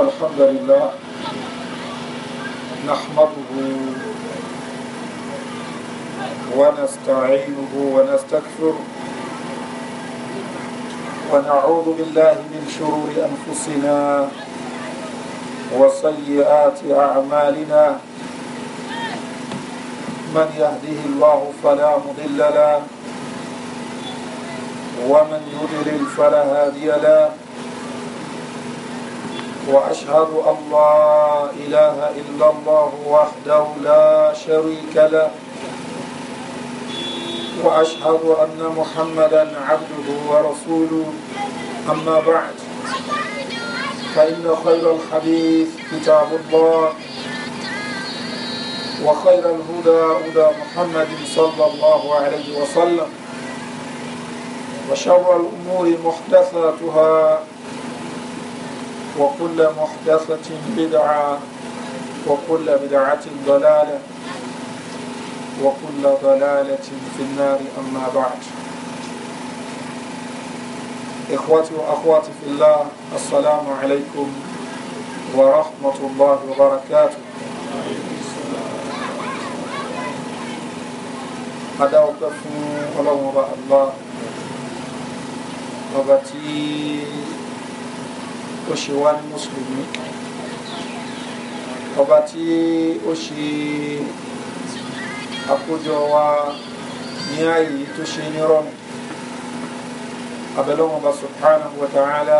الحمد لله نحمده ونستعينه ونستكفره ونعوذ بالله من شرور أنفسنا وسيئات أعمالنا من يهده الله فلا مضل له ومن يضلل فلا هادي له وأشهد أن لا إله إلا الله وحده لا شريك له وأشهد أن محمدا عبده ورسوله أما بعد فإن خير الحديث كتاب الله وخير الهدى هدى محمد صلى الله عليه وسلم وشر الأمور محدثاتها وكل محدثة بدعة وكل بدعة ضلالة وكل ضلالة في النار أما بعد إخوتي وأخواتي في الله السلام عليكم ورحمة الله وبركاته أدعوك فون الله الله وبتي kó ṣe wá ní mùsùlùmí ọba tí ó ṣe àkójọ wa ní ààyè tó ṣe ní rọrùn abẹ́lọ́wọ́n bá subhanahu wa ta'ala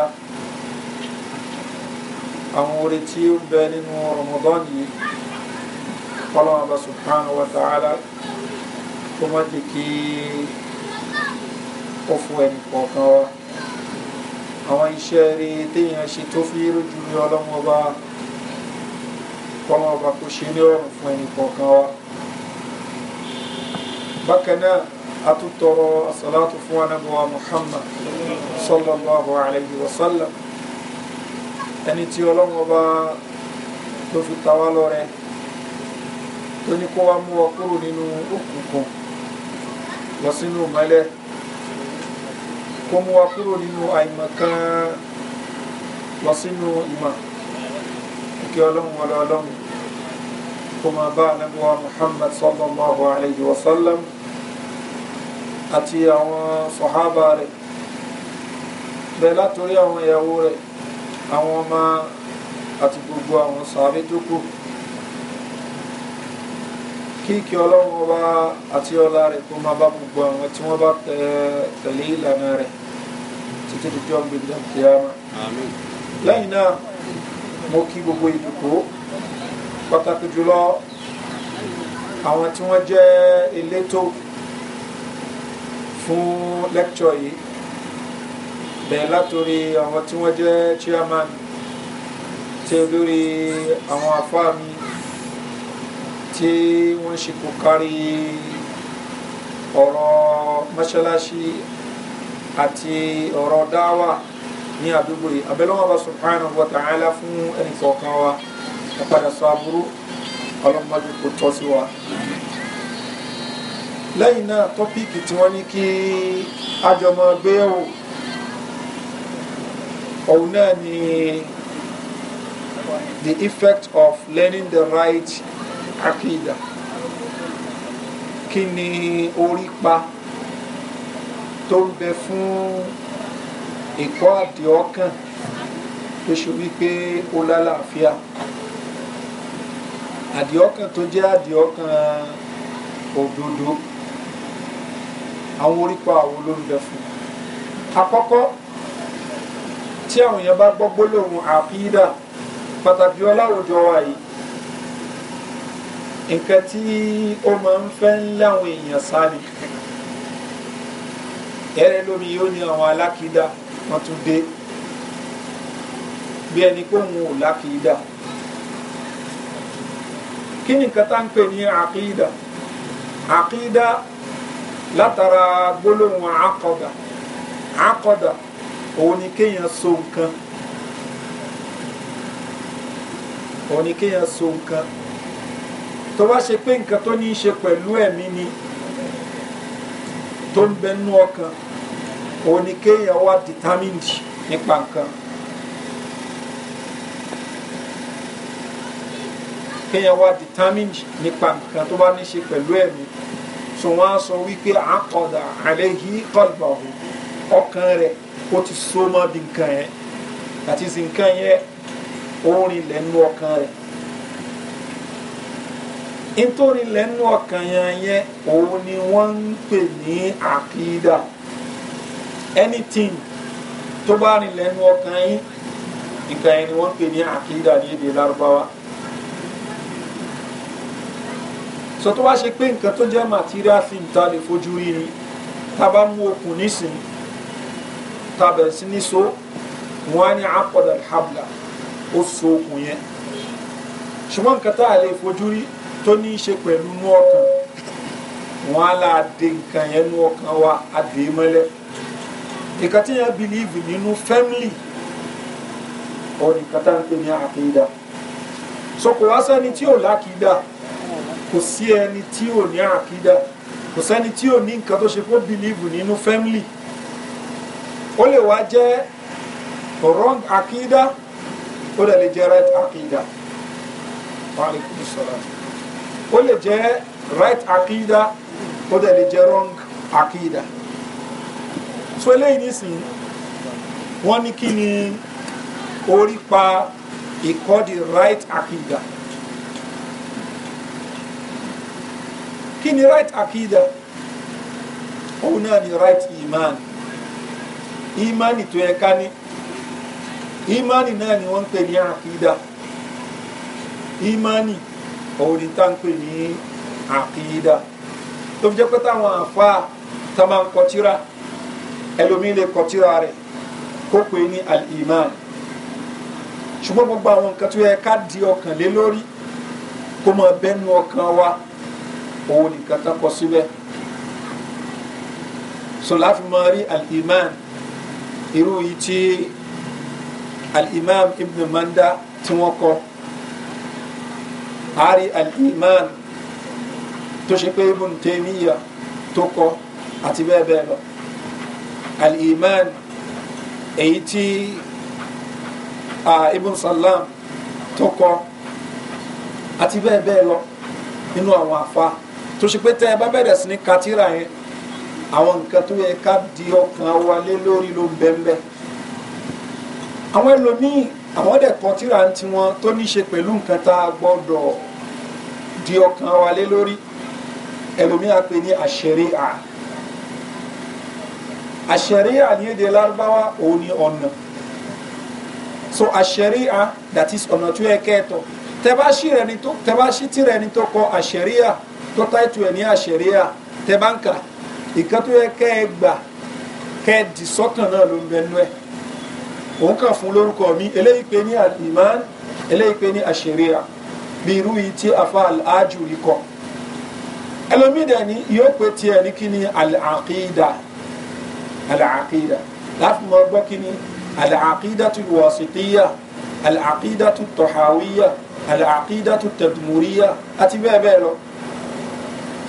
àwọn orí tí ó bẹ nínú Ramadan yìí kọ́lọ́wọ́n bá subhanahu wa ta'ala kó má jẹ́ kí ó fún ẹnì kọ̀ọ̀kan wa àwọn iṣẹ́ rí téèyàn ṣe tó fi rújú rí ọlọ́mọ ọba kọ́mọ ọba kò ṣe ní ọ̀rùn fún ẹnì kọ̀ọ̀kan wa bákan náà a tún tọrọ asàlátù fún anábọ̀wá Muhammad sallallahu alayhi wa sallam ẹni tí ọlọ́mọ ọba tó fi ta wá lọ́rẹ tó ní kó wá mú ọ kúrò nínú òkùnkùn lọ sínú mọ́lẹ̀ kó mú wa kúrò nínú ima kan lọ sínú ìmọ̀ kí ọlọ́run wọlé Muhammad sallallahu alayhi wa sallam àti àwọn sọ̀hábà rẹ̀ bẹ́ẹ̀ látòrí àwọn ìyàwó rẹ̀ àwọn ọmọ àti gbogbo àwọn sàábé tó kù kíkì ọlọ́run ọba àti ọlá rẹ̀ kó máa bá gbogbo àwọn tí wọ́n bá tẹ̀lé ìlànà rẹ̀ títí di jọ́ gbẹ̀dẹ̀ kíámà lẹ́yìn náà mo kí gbogbo ìdòkó pàtàkì jùlọ àwọn tí wọ́n jẹ́ elétò fún lẹ́kṣọ̀ yìí bẹ̀rẹ̀ látòrí àwọn tí wọ́n jẹ́ chairman tí olórí àwọn afáà mi tí wọ́n ṣe kò kárí ọ̀rọ̀ mọ́ṣáláṣí àti ọ̀rọ̀ dáwà ní àdúgbò yìí abẹ́lẹ́wọ̀n bá subhanahu wa ta'ala fún ẹnì kọ̀ọ̀kan wa ẹ padà sọ aburú ọlọ́mọdé kò tọ́ sí wa. lẹ́yìn náà tọ́píìkì tí wọ́n ní kí àjọmọ̀ gbéyẹ̀wò òun náà ni the effect of learning the right akida kí ni orí pa tó ń bẹ fún ìkọ́ àdì ọkàn tó ṣe wípé ó lálàáfíà àdì ọkàn tó jẹ́ àdì ọkàn òdodo àwọn orípa àwọn olóńgbẹ fún àkọ́kọ́ tí àwọn èèyàn bá gbọ́ gbólóhùn àkídà pàtàkì ọláwùjọ wa yìí nǹkan tí ó máa ń fẹ́ ń lé èèyàn sáré ẹ̀rẹ́ lómi yóò ní àwọn alákìídá wọ́n tún dé bí ẹni pé òun ò lákìídá kí ni nǹkan tá ń pè ní àkìídá àkìídá látara gbólóhùn àkọdà àkọdà òun ni kéèyàn so nǹkan òun ni kéèyàn so nǹkan tó bá ṣe pé nǹkan tó ní í ṣe pẹ̀lú ẹ̀mí ni tó ń bẹ nínú ọkàn òun ni kéèyàn wá determined nípa nǹkan kéèyàn wá determined nípa nǹkan tó bá ní ṣe pẹ̀lú ẹ̀mí so wọ́n á sọ wípé àkọ́dà àléhí kọ́lbà ọ̀hún ọkàn rẹ̀ ó ti so mọ́ bí nǹkan yẹn àti nǹkan yẹn ó rìn lẹ́nu ọkàn rẹ̀ nítorí lẹ́nu ọkàn yẹn yẹn òun ni wọ́n ń pè ní àkídà anything tó bá rìn lẹ́nu ọkàn yín nǹkan yẹn ni wọ́n ń pè ní àkídà ní èdè lárúbáwá sọ tó bá ṣe pé nǹkan tó jẹ́ material thing ta lè fojú rí ni tá bá mú okùn nísìn tá sí ní so wọ́n á ní akọ̀dà habla ó so okùn yẹn ṣùgbọ́n nǹkan tá a lè fojú rí tó ní í ṣe pẹ̀lú nú ọkàn wọn á la de nǹkan yẹn nú ọkàn wa á dè é mọ́lẹ̀ nǹkan tí yẹn bìlíìfù nínú fẹ́mìlì ọ̀rìn nǹkan tá à ń pè ní àkídà so kò wá sẹ́ni tí ò lákìídà kò sí ẹni tí ò ní àkídà kò sẹ́ni tí ò ní nǹkan tó ṣe kó bìlíìfù nínú fẹ́mìlì ó lè wá jẹ́ wrong àkídà ó lè jẹ́ right àkídà. Wa alaikum salaam ó lè jẹ́ right akida ó dẹ̀ lè jẹ́ wrong akida so eléyìí nísìnyí wọ́n ní kí ni orí pa ìkọ́dí right akida kí ni right akida òun náà ni right iman imani tó yẹ ká ní imani náà ni wọ́n ń pè ní akida imani òun ni tá ń pè ní àkìdá tó fi jẹ́ pé táwọn àfa tá máa ń kọtíra ẹlòmíín lè kọtíra rẹ̀ kó pè ní al-iman ṣùgbọ́n gbogbo àwọn nǹkan tó yẹ ká di ọkàn lé lórí kó máa bẹ́nu ọkàn wa òun nìkan tán kọ síbẹ̀ sọláfi máa rí al-iman irú yìí tí al-imam ibn manda tí wọ́n kọ́ ari al-iman tó ṣe pé ibùn tèmíyà tó kọ àti bẹ́ẹ̀ bẹ́ẹ̀ lọ al-iman èyí tí ibùn salam tó kọ àti bẹ́ẹ̀ bẹ́ẹ̀ lọ nínú àwọn àfa tó ṣe pé tẹ́ ẹ bá bẹ̀rẹ̀ sí katira yẹn àwọn nǹkan tó yẹ ká di ọkàn wa lé lórí ló ń bẹ́ẹ̀ bẹ́ẹ̀ àwọn dẹ̀ kọ tíra ń tiwọn tó ní ṣe pẹ̀lú nǹkan tá a gbọ́dọ̀ di ọkàn wa lé lórí ẹlòmíà pé ní àṣẹríà àṣẹríà ní èdè lárúbáwá òun ni ọ̀nà so àṣẹríà that is ọ̀nà tó yẹ kẹ́ẹ̀tọ̀ tẹ́bá sí tìrẹ ni tó kọ àṣẹríà tó táìtù ẹ̀ ní àṣẹríà tẹ́bá ń kà ìkan tó yẹ kẹ́ẹ̀ gbà kẹ́ẹ̀ dì sọ́kàn náà ló ń bẹ nú ẹ̀ òun kàn fún lórúkọ mi eléyìí pé ní al-iman eléyìí pé ní àṣẹríà bí irú yìí tí afa al-ajuri kọ ẹlòmíì dẹ̀ ni yóò pé tiẹ̀ ní kí ni al-aqida al-aqida láti mọ gbọ́ kí ni al-aqidatu al-wasitiyya al-aqidatu al-tahawiyya al àti bẹ́ẹ̀ bẹ́ẹ̀ lọ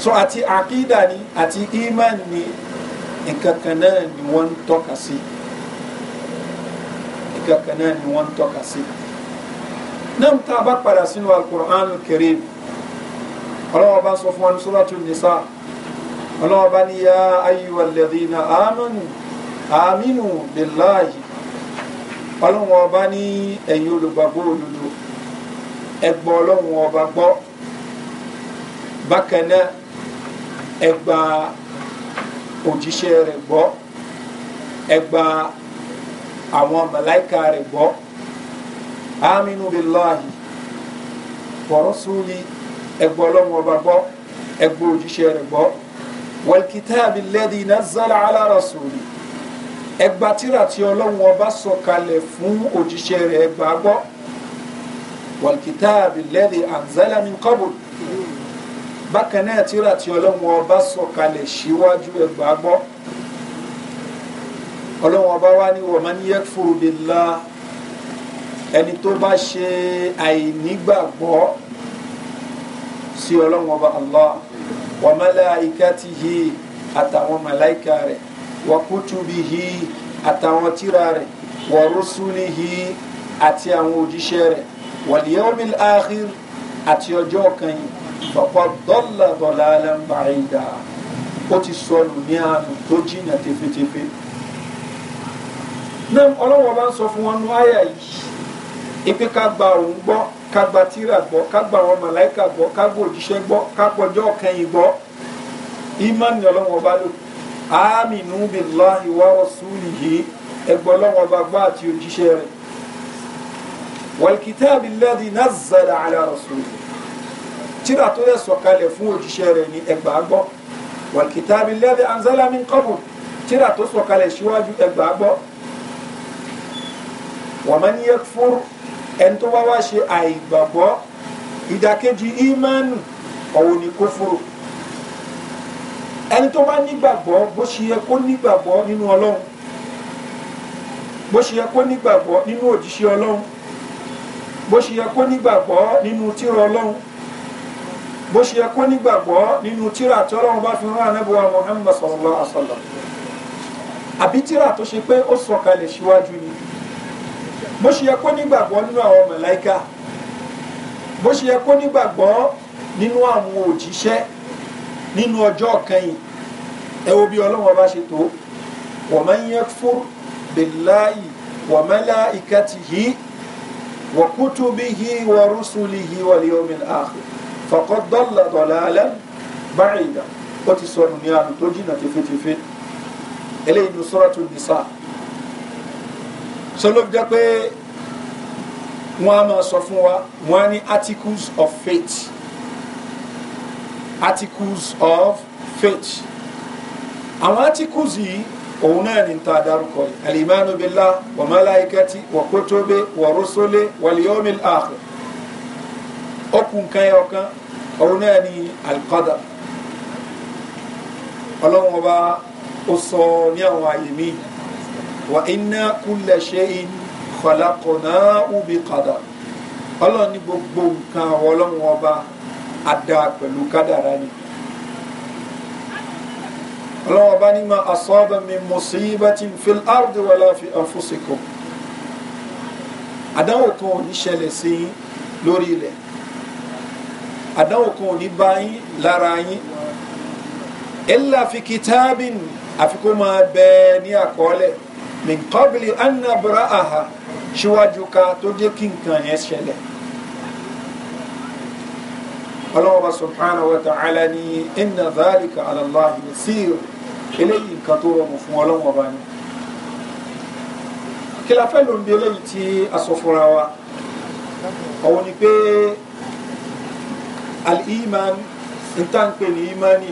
so àti àkídà ni àti iman ni nǹkan kan náà ni wọ́n ń tọ́ka sí i nǹkan kan náà ni wọ́n ń tọ́ka sí náà tá a bá padà sínú alukur'an karim ọlọ́wọ́ bá ń sọ fún wọn suratu nisa ọlọ́wọ́ bá ní ya ayyuhal ladhina amanu aminu billahi ọlọ́wọ́ bá ní ẹ̀yin olùgbàgbọ́ òdodo ẹgbọ́ ọlọ́wọ́ ọba gbọ́ bákan náà ẹgbà òjíṣẹ́ rẹ̀ àwọn màláìka rẹ̀ gbọ́ aminu billahi wa rasuli ẹgbọ́ ọlọ́run ọba gbọ́ ẹgbọ́ òjíṣẹ́ rẹ̀ gbọ́ wal kitabi alladhi nazzala ala rasuli ẹgbà tíra tí ọlọ́run ọba sọ̀kalẹ̀ fún òjíṣẹ́ rẹ̀ ẹgbà gbọ́ wal kitabi anzala min qabl bákan náà tíra tí ọlọ́run ọba sọ̀kalẹ̀ síwájú ẹgbà gbọ́ ọlọ́wọ́n bá wá ní waman yakfuru billah ẹni tó bá ṣe àìnígbàgbọ́ sí ọlọ́wọ́n bá Allah wa malaikatihi àtàwọn màláìka rẹ̀ wa kutubihi àtàwọn tíra rẹ̀ wa rusulihi àti àwọn òjíṣẹ́ rẹ̀ wal yawmil akhir àti ọjọ́ kan yìí faqad dalla dalalan ba'ida ó ti sọnù ní àná tó jìnnà tefetefe náà ọlọ́wọ́ bá ń sọ fún wọn nú àyà yìí ipe ká gba òun gbọ́ ká gba tírà gbọ́ ká gba àwọn màláìka gbọ́ ká gba òjíṣẹ́ gbọ́ ká pọjọ́ kẹyìn gbọ́ ìmánì ọlọ́wọ́ bá lò ámìnú billahi wa rasulihi ẹgbọ́ ọlọ́wọ́ bá gbọ́ àti òjíṣẹ́ rẹ̀ wàlkìtàbí alladhi nazzala ala rasulihi tírà tó yẹ sọ̀kalẹ̀ fún òjíṣẹ́ rẹ̀ ní ẹgbàá gbọ́ wàlkìtàbí alladhi anzala min qabl tó sọ̀kalẹ̀ síwájú ẹgbàá gbọ́ waman yakfur ẹni tó bá wá ṣe àìgbàgbọ́ ìdàkejì ìmánu ọ̀hún ni kófòrò ẹni tó bá nígbàgbọ́ bó ṣe yẹ kó nígbàgbọ́ nínú ọlọ́run bó ṣe yẹ kó nígbàgbọ́ nínú òjíṣẹ́ ọlọ́run bó ṣe yẹ kó nígbàgbọ́ nínú tírà ọlọ́run bó ṣe yẹ kó nígbàgbọ́ nínú tírà tí ọlọ́run bá fi rán anábíwá Muhammad sallallahu alaihi àbí tírà tó ṣe pé ó sọ̀kalẹ̀ síwájú ni bó ṣe yẹ kó nígbàgbọ́ nínú àwọn màláíkà bó ṣe yẹ kó nígbàgbọ́ nínú àwọn òjíṣẹ́ nínú ọjọ́ kẹyìn ẹ wo bí ọlọ́wọ́n bá ṣe tó wa man yakfur billahi wa malaikatihi wa kutubihi wa rusulihi wal yawmil akhir faqad dalla dalalan ba'ida ó ti sọnù ní àná tó jìnnà tẹfẹtẹfẹ eléyìí ní suratu nisa sọlọ́ jẹ́ pé wọ́n á máa sọ fún wa wọ́n á ní articles of faith articles of faith àwọn articles yìí òun náà ni ta dárúkọ yìí alimanu billah wa malaikati wa kutubi wa rusuli wal yawmil akhir okun kan yẹ ọkan òun náà ni alqadar ọlọ́run ọba ó sọ ní àwọn àyè míì wa inna kulla shay'in khalaqnahu bi qadar ọlọ́run ní gbogbo nǹkan àwọn ọlọ́run ọba àdá pẹ̀lú kádàrá ni ọlọ́run ọba ní ma asaba min musibatin fil ardi wala fi anfusikum àdánwò kan ò ní ṣẹlẹ̀ sí yín lórí ilẹ̀ àdánwò kan ò ní bá yín lára yín illa fi kitabin àfikún máa bẹ ní àkọọ́lẹ̀ min qabli an nabra'aha ṣíwájú ká tó dé kí nǹkan yẹn ṣẹlẹ̀ ọlọ́wọ́ subhanahu wa ta'ala ni inna dhalika ala Allahi yasir eléyìí nǹkan tó rọrùn fún ọlọ́wọ́ bá ní kí la fẹ́ ló wa òun ni pé al-iman ìtànkè imani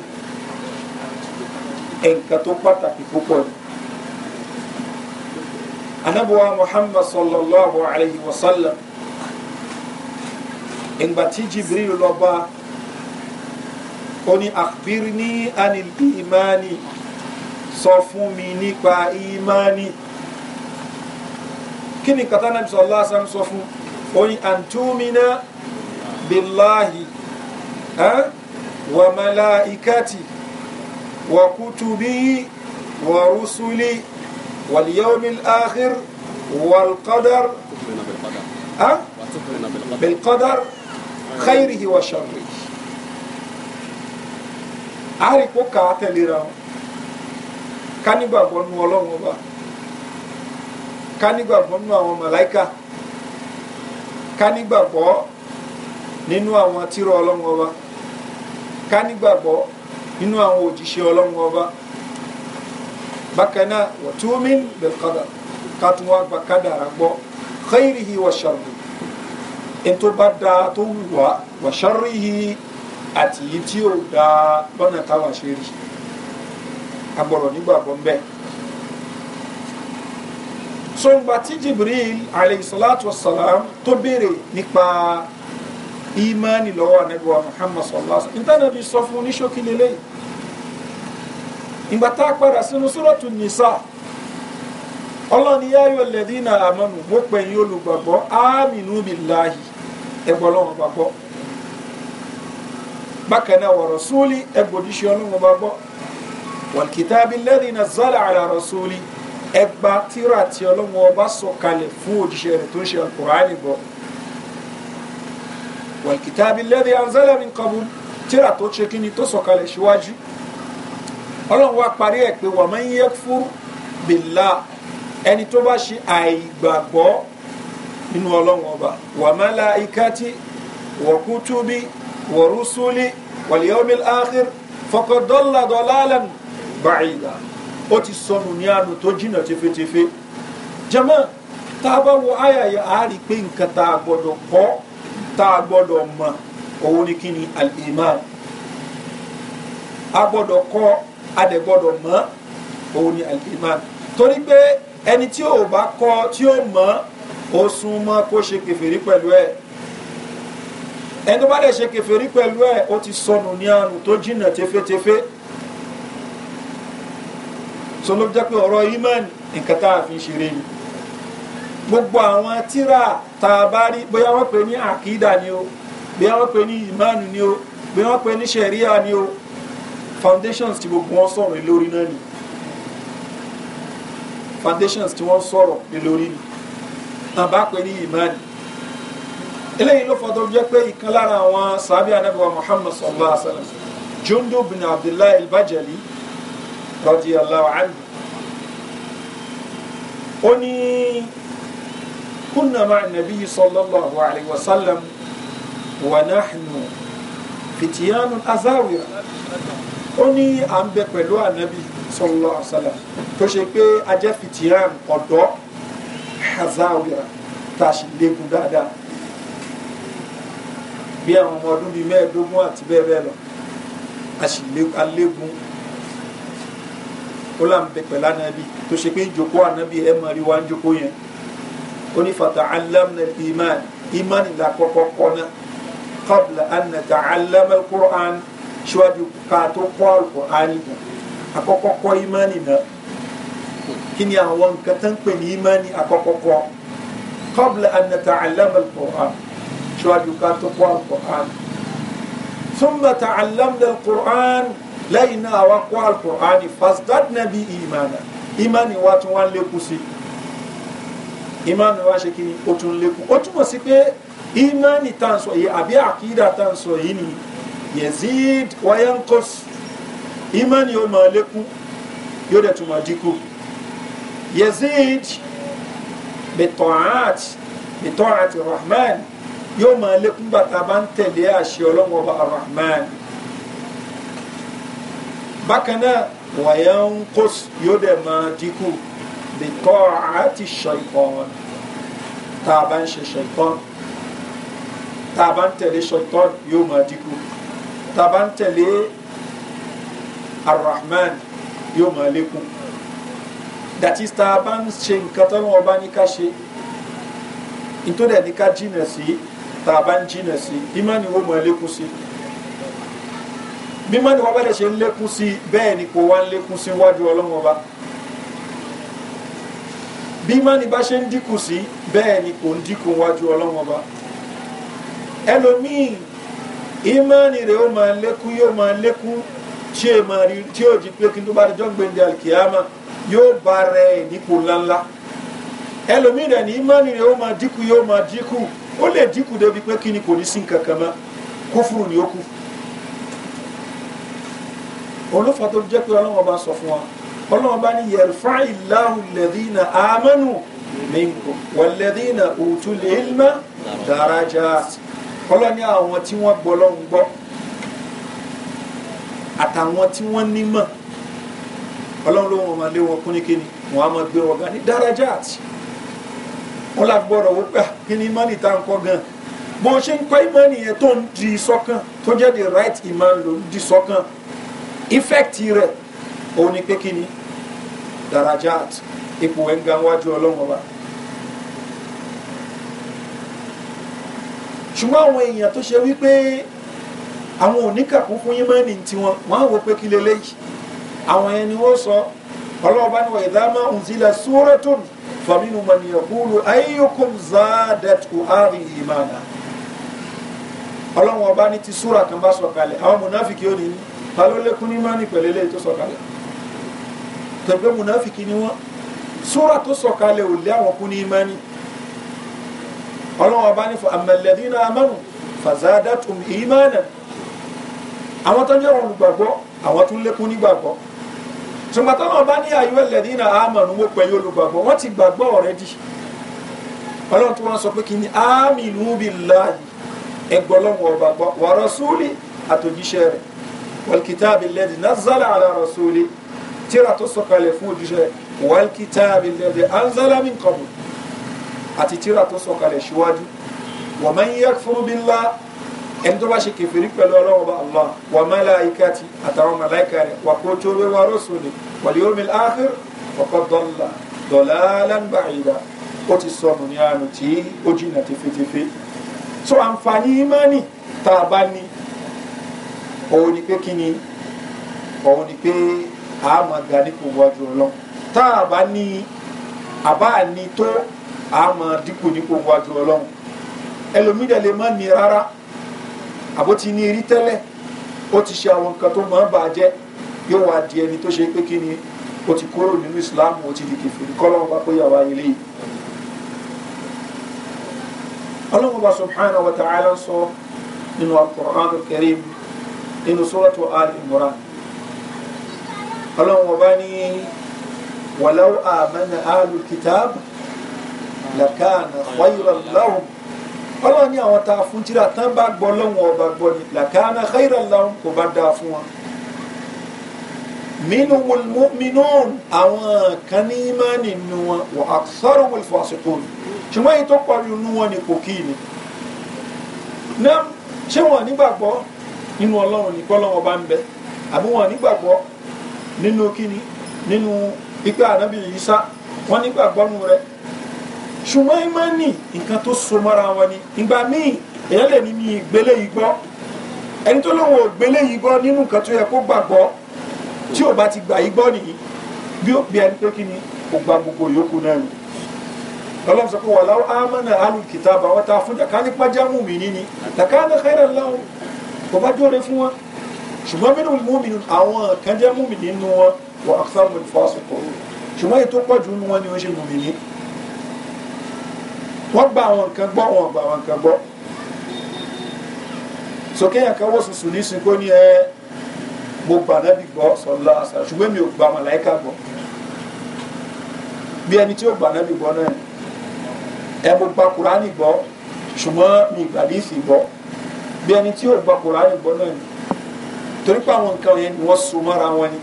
nǹkan tó pàtàkì púpọ̀ ni anabuwa muhammad sallallahu alayhi wa sallam ìgbà tí jibril lọ bá ó ní akhbirni anil imani sọ fún mi nípa imani kí ni kàtà náà sọ lásán sọ fún ó antumina billahi eh, wa malaikati wa kutubi wa rusuli. واليوم الآخر والقدر أه؟ بالقدر خيره وشره ari ko ka tẹlera wọn ká nígbàgbọ́ nu ọlọ́run ọba ká nígbàgbọ́ nu àwọn màláìka ká nígbàgbọ́ nínú àwọn tírà ọlọ́run ọba ká nígbàgbọ́ nínú àwọn òjíṣẹ́ ọlọ́run ọba bákan náà wa tu'min bil qadar ká tún wá gba kádàrá gbọ́ khayrihi wa sharrihi ètò bá dáa tó wù wá wa sharrihi àti yìí tí ò dáa lọ́nà táwa ṣe rí agbọ̀rọ̀ nígbàgbọ́ ń bẹ́ẹ̀ so ngba tí jibril aleyhisalatu wasalam tó béèrè nípa ìmánì lọ́wọ́ anabiwa muhammad sallallahu alaihi wa sallam nítorí àbí sọ fún oníṣókí ìgbà tá a padà sínú súrọ̀tù nìsà ọlọ́ni yáyọ̀ lẹ́dínà àmọ́nù mo pè yín olùgbàgbọ́ ámìnú billahi ẹgbọ́ lọ́wọ́ bá gbọ́ bákan náà wa rasuli ẹgbòdìṣẹ́ ọlọ́wọ́ bá gbọ́ wal kitabi alladhi nazzala ala rasuli ẹgba tíra tí ọlọ́wọ́ bá sọ kalẹ̀ fún òjíṣẹ́ rẹ̀ tó ń ṣe alukùránì gbọ́ wal kitabi alladhi anzala min qabl tíra tó ṣe kíni tó sọ kalẹ̀ ọlọ́run wá parí ẹ̀ pé wa man yakfur billah ẹni tó bá ṣe àìgbàgbọ́ nínú ọlọ́run ọba wa malaikati wa kutubi wa rusuli wal yawmil akhir faqad dalla dalalan ba'ida ó ti sọnù ní àánú tó jìnà tefetefe jama tá a bá wo ayàyà a pé nǹkan tá a gbọdọ̀ kọ́ tá a gbọdọ̀ mọ̀ òun ni kí ni al a gbọdọ̀ kọ́ adẹ̀gbọ́dọ̀ mọ̀ òun ni al-iman torí pé ẹni tí ò bá kọ́ tí ó mọ̀ ó sún mọ́ kó ṣe kèfèrí pẹ̀lú ẹ̀ ẹni tó bá dẹ̀ ṣe kèfèrí pẹ̀lú ẹ̀ ó ti sọnù ní àrùn tó jìnà tefétefé so ló jẹ́ pé ọ̀rọ̀ iman nǹkan tá a fi ń ṣeré ni gbogbo àwọn tíra tá a bá rí bóyá wọ́n pè ní àkídà ni o bóyá wọ́n pè ní ìmánu ni o bóyá wọ́n pè ní ṣẹ̀ríà ni o foundations tí gbogbo wọn sọ̀rọ̀ lórí náà ni foundations tí wọ́n sọ̀rọ̀ lé lórí ni àbá pé ní ìmáàni eléyìí ló fọdọ̀ jẹ́ pé ìkan lára àwọn sàábì anábìwá Muhammad sallallahu alaihi wa sallam Jundub bin Abdullahi al-Bajali radiyallahu anhu ó ní kunna ma'a nabiyyi sallallahu alaihi wa sallam wa nahnu fitiyanun azawira ó ní à ń bẹ pẹ̀lú ànábì sallallahu alaihi wasallam tó ṣe pé ajẹ́ fìtìhàn ọ̀dọ́ hazawira tá a sì léegun dáadáa bí àwọn ọmọ ọdún bíi mẹ́ẹ̀ẹ́dógún àti bẹ́ẹ̀ bẹ́ẹ̀ lọ a sì léegun ó là ń bẹ pẹ̀lú ànábì tó ṣe pé ìjòkó ànábì ẹ̀ máa rí wá ń jókòó yẹn ó ní fata'allamna al-iman iman kọ́kọ́ kọ́ náà qabla an nata'allama al ká tó kọ́ alukur'ani gan àkọ́kọ́ kọ́ imani náà kí ni àwọn nǹkan tó ń pè ní imani àkọ́kọ́ kọ́ qabla an nata'allama alukur'an ṣáájú ká tó kọ́ alukur'an thumma ta'allamna alukur'an lẹ́yìn náà àwa kọ́ alukur'ani fasdadna bi imana imani wa tún wá ń lékún sí imani wa ṣe kí ni ó tún lékún ó túmọ̀ sí pé imani tá à ń sọ yìí yazid wayankos imani yóò máa lékún yóò dẹ̀ tún máa dínkù yazid bitoat bitoat rahman yóò máa lékún bàtà bá ń tẹ̀lé àṣẹ ọlọ́wọ́ bá rahman bákan náà wayankos yóò dẹ̀ máa dínkù bitoat shaitan tá a bá ń ṣe taba ń tẹ̀lé arahman yóò máa lékún dàtí taba ń ṣe nǹkan tó lọ́wọ́ bá ní ká ṣe nítorí ẹ̀ ní ká jìnà sí taba ń jìnà sí ìmánì wo máa lékún sí mímọ́ ni wọ́n bẹ̀rẹ̀ ṣe ń lékún sí bẹ́ẹ̀ ni kò wá ń lékún sí wájú ọlọ́run ọba bí mọ́ni bá ṣe ń dínkù ni kò ń dínkù wájú ọlọ́run ọba ìmánì rẹ̀ ó máa lékún yóò máa lékún tí ó máa rí tí ó di pé kí n tó bá di jọ́gbẹ̀ndẹ̀ alkiyama yóò bá rẹ̀ nípò ńláńlá ẹlòmíì rẹ̀ ní ìmánì rẹ̀ ó máa dínkù yóò máa dínkù ó lè dínkù débi pé kí ni kò ní sí nǹkan kan mọ́ kúfùrù ni ó kù tó jẹ́ pé ọlọ́wọ́n bá sọ fún wa ọlọ́wọ́n bá ní yarfa'illahu alladhina amanu minkum walladhina utul ilma daraja ọlọ́ni àwọn tí wọ́n gbọ́ lọ́hùn gbọ́ àtàwọn tí wọ́n nímọ̀ ọlọ́run ló wọn máa lé wọn kúnníkíní wọn á máa gbé wọn gan ní dáradá àti wọn láti gbọ́dọ̀ wọ́n gbà ah, kí ni tá à ń gan bó ṣe ń kọ́ ìmọ̀nì yẹn tó ń di sọ́kàn tó jẹ́ the right ìmọ̀ ló ń di sọ́kàn effect rẹ̀ òun ni pé kí dáradá àti ipò ẹ̀ ń ga wájú ọlọ́run ọba. ṣùgbọ́n àwọn èèyàn tó ṣe wípé àwọn oníkàkú fún yín mọ́ni tiwọn wọ́n á wò pé kí leléyìí àwọn ẹni wọ́n sọ ọlọ́ọ̀bá ni wọ́n ìdá máa ń zilẹ̀ sóòrètòun fàmínú mọ̀nì ọ̀kúrú ayyukum zadatku ari imana ọlọ́wọ́n ọba ní ti súra kan bá sọ̀kalẹ̀ àwọn mùnáfìkì ó ní ní ta ló lékún ní mọ́ni pẹ̀lú eléyìí tó sọ̀kalẹ̀ tẹ̀gbẹ́ mùnáfìkì ni wọ́n súra tó sọ̀kalẹ̀ ò lé àwọn kún ní mọ́ni ọlọ́wọ́n bá ní fún amẹ́lẹ́dínà amánu fàzádàtùm ìmánà àwọn tó ń jẹ́ olùgbàgbọ́ àwọn tó ń lékún nígbàgbọ́ ṣùgbọ́n táwọn bá ní ayọ́ ẹlẹ́dínà amánu wọ́n pẹ̀lú olùgbàgbọ́ wọ́n ti gbàgbọ́ already ọlọ́run tó wọ́n sọ pé kí ni ámìlú billahi ẹgbọ́lọ́wọ́ ọba gbọ́ wà rọ́súlì àtòjíṣẹ́ rẹ̀ wàlkítàbí lẹ́dí àti tíra tó sọ̀kalẹ̀ síwájú wa man yakfuru billah ẹni tó bá ṣe kèfèrí pẹ̀lú ọlọ́run bá allah wa malaikati àtàwọn màláìka rẹ̀ wa kutubi wa rusuli wal yawmil akhir faqad dalla dalalan ba'ida ó ti sọnù ní àrùn tí ó jìnà tefetefe so àǹfààní imani tá a bá ní òun ni pé kí ni òun ni pé a máa ga nípò wájú ọlọ́run tá a bá ní àbá ní tó a máa dípò dípò wájú ọlọ́run ẹlòmídẹ̀ lè má ní rárá àbó ti ní rí tẹ́lẹ̀ ó ti ṣe àwọn nǹkan tó máa ń bà jẹ́ yóò wá di ẹni tó ṣe pé kí ni ó ti kúrò nínú ìsìláàmù ó ti di kìfìrí kọ́lọ́run bá pé yàwá ilé yìí ọlọ́run bá subhanahu wa ta'ala sọ nínú al-Qur'an al nínú suratu al-Imran ọlọ́run ọba ní walaw amana alul kitab làkàna khayran lahum ọlọ́run ní àwọn tá a fún tírà tán bá gbọ́ lọ́wọ́ ọba gbọ́ ni làkàna khayran lahum kò bá dáa fún wọn. minhumul mu'minun àwọn kan ní ìmánì nínú wọn wa aktharuhumul fasiqun ṣùgbọ́n èyí tó pariwo nínú wọn ni kò kí ni. náà ṣé wọn nígbàgbọ́ nínú ọlọ́run ní kọ́lọ́wọ́ bá ń bẹ àbí wọn nígbàgbọ́ nínú kíni nínú ipe ànábì Ìsá wọn nígbàgbọ́ nù rẹ̀ ṣùgbọ́n ìmánì nǹkan tó so mọ́ra wọn ni ìgbà míì èèyàn lè ní mi ìgbélé yìí gbọ́ ẹni tó lóun ò gbélé yìí gbọ́ nínú nǹkan tó yẹ kó gbàgbọ́ tí ò bá ti gbà yìí gbọ́ nìyí bí ó bí ẹni pé kí ni kò gba gbogbo yòókù náà ni ọlọ́run sọ pé wà láwọn amánà alù kìtà bàwọ́ ta fún dàkà nípa jámù mí níní dàkà ní kẹrẹ láwọn kò bá dóore fún wọn ṣùgbọ́n mínú múmi àwọn kan jẹ́ múmi nínú wọn wọ́n àkàtà mọ̀ ìfọ́sọ̀kọ̀ ṣùgbọ́n ètò pọ̀jù nínú wọn ni wọ́n ṣe múmi nínú wọ́n gba àwọn nǹkan gbọ́ wọn gba àwọn nǹkan gbọ́ sókè yẹn kan wọ́n sùn sùn ní sinkó ní ẹ mo gbà náà bí gbọ́ sọlá àṣà ṣùgbọ́n mi ò gba màláìka gbọ́ bí ẹni tí ó gbà náà gbọ́ náà ẹ mo gba kùránì gbọ́ ṣùgbọ́n mi ìgbà bí sì gbọ́ bí ẹni tí ó gba kùránì gbọ́ náà ni torí pé àwọn nǹkan yẹn ni wọ́n so mọ́ra wọn ni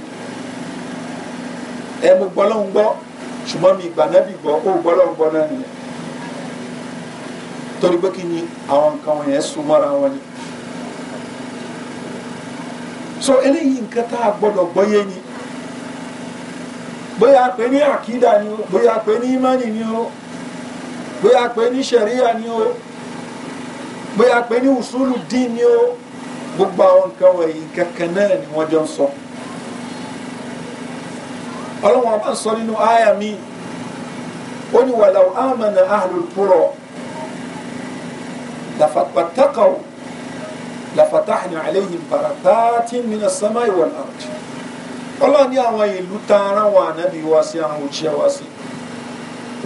ẹ mo gbọ́ lọ́hùn gbọ́ ṣùgbọ́n mi ìgbà náà gbọ́ ó gbọ́ lọ́hùn gbọ́ náà nìyẹn torí pé kí ni àwọn nǹkan yẹn sún wọn ni so eléyìí nǹkan tá a gbọ́dọ̀ gbọ́yé ni bóyá pé ní àkídà ni o bóyá pé ní ìmánì ni o bóyá pé ní ṣẹ̀ríyà ni o bóyá pé ní usulu dín ni o gbogbo àwọn nǹkan wọ̀nyí kankan náà ni wọ́n jọ ń sọ ọlọ́wọ́n bá ń sọ nínú àyà mi ó ní wàlàó àmàna ahlul واتقوا لفتحنا عليهم بركات من السماء والأرض ọlọ́run ní àwọn ìlú tààrà wọn ànábì wá sí àwọn òṣìṣẹ́ wá sí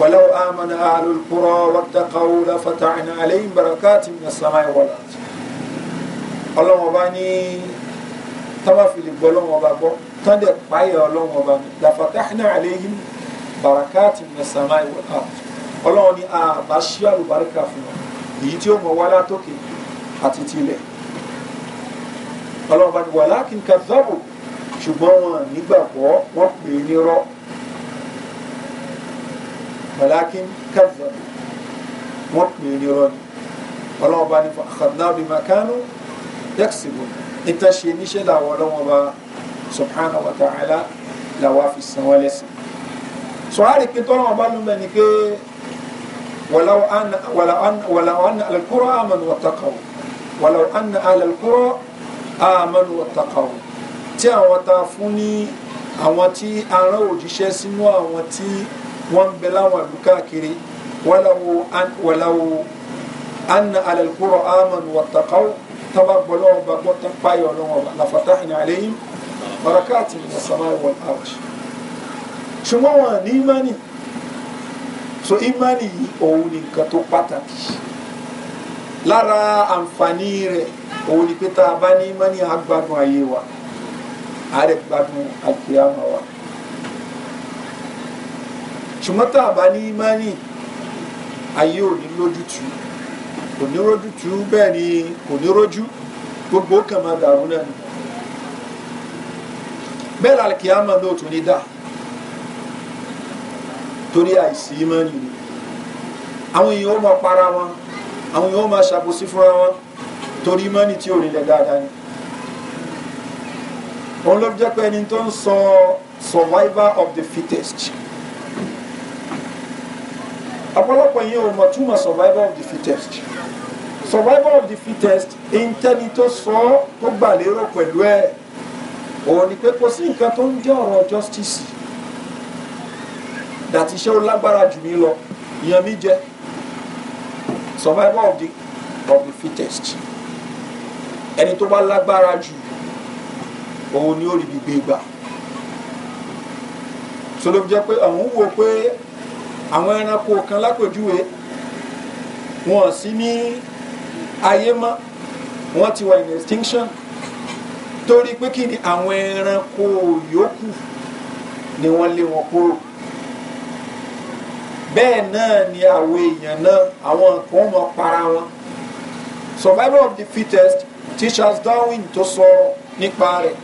ولو آمن أهل القرى واتقوا لفتحنا عليهم بركات من السماء والأرض ọlọ́run ọba ní tábàfìlì gbọ́ ọlọ́run ọba gbọ́ tọ́ndẹ̀ páyà ọlọ́run ọba ní لفتحنا عليهم بركات من السماء والأرض ọlọ́run ní àbáṣíà lùbáríkà fún wọn èyí tí ó mọ̀ wá látòkè àti tilẹ̀ ọlọ́run bá ní walakin kadhabu ṣùgbọ́n wọn nígbàgbọ́ wọ́n pè é nírọ́ walakin kadhabu wọ́n pè é nírọ́ ni ọlọ́run bá ní akhadnahum bima kanu yaksibun níta ṣe níṣẹ́ làwọn ọlọ́run bá wa ta'ala làwọn àfi sanwó lẹ́sìn. sọ̀rọ̀ àrèké tọ́lọ́run bá lùmẹ̀ pé. ولو أن ولو أن ولو أن أهل القرى آمنوا واتقوا ولو أن أهل القرى آمنوا واتقوا tí àwọn tá a fún ní àwọn tí arán òjíṣẹ́ sínú àwọn tí wọ́n ń bẹ láwọn ìlú káàkiri walawo anna ala alqura amanu wattaqaw tábà gbọ́lọ́ ọba gbọ́ tán páyọ̀ ọlọ́wọ́ ọba la fatahna alayhim barakati min as-samai wal ard ṣùgbọ́n wọn ní mánì so imani yìí òun ni nǹkan tó pàtàkì lára àǹfààní rẹ̀ òun ni pé tá a bá ní imani agbádùn ayé wa àárẹ̀ gbádùn àkíyàmọ̀ wa ṣùgbọ́n tá a bá ní imani ayé ò ní lójútu kò ní rójútu bẹ́ẹ̀ ni kò ní gbogbo kan máa dàrú náà bẹ́ẹ̀ làlùkìyàmọ̀ náà tún ní dáa torí àìsí ìmánì ni àwọn èèyàn ó máa para wọn àwọn èèyàn ó máa ṣàbòsí fúnra wọn torí ìmánì tí ò rinlẹ̀ dáadáa ni òun ló jẹ́ pé ẹni tó ń sọ survivor of the fittest ọ̀pọ̀lọpọ̀ yẹn ò mọ̀ túmọ̀ survivor of the fittest survivor of the fittest ìntẹ́ni tó sọ tó gbà lérò pẹ̀lú ẹ̀ òun ni pé kò sí nǹkan tó ń jẹ́ ọ̀rọ̀ justice That iṣẹ́ ó lágbára jù mí lọ ìyàn mi jẹ́ survival of the of the fittest ẹni tó bá lágbára jù òun ni ó rí gbígbé gbà so ló fi jẹ́ pé àwọn wò pé àwọn ẹranko kan lápèjúwe wọn sí ní ayé mọ́ wọ́n ti wà in extinction torí pé kí ni àwọn ẹranko yòókù ni wọ́n lé wọn kúrò bẹ́ẹ̀ náà ni àwọn èèyàn náà àwọn kan mọ̀ para wọn survival of the fittest tí Charles Darwin tó sọ nípa rẹ̀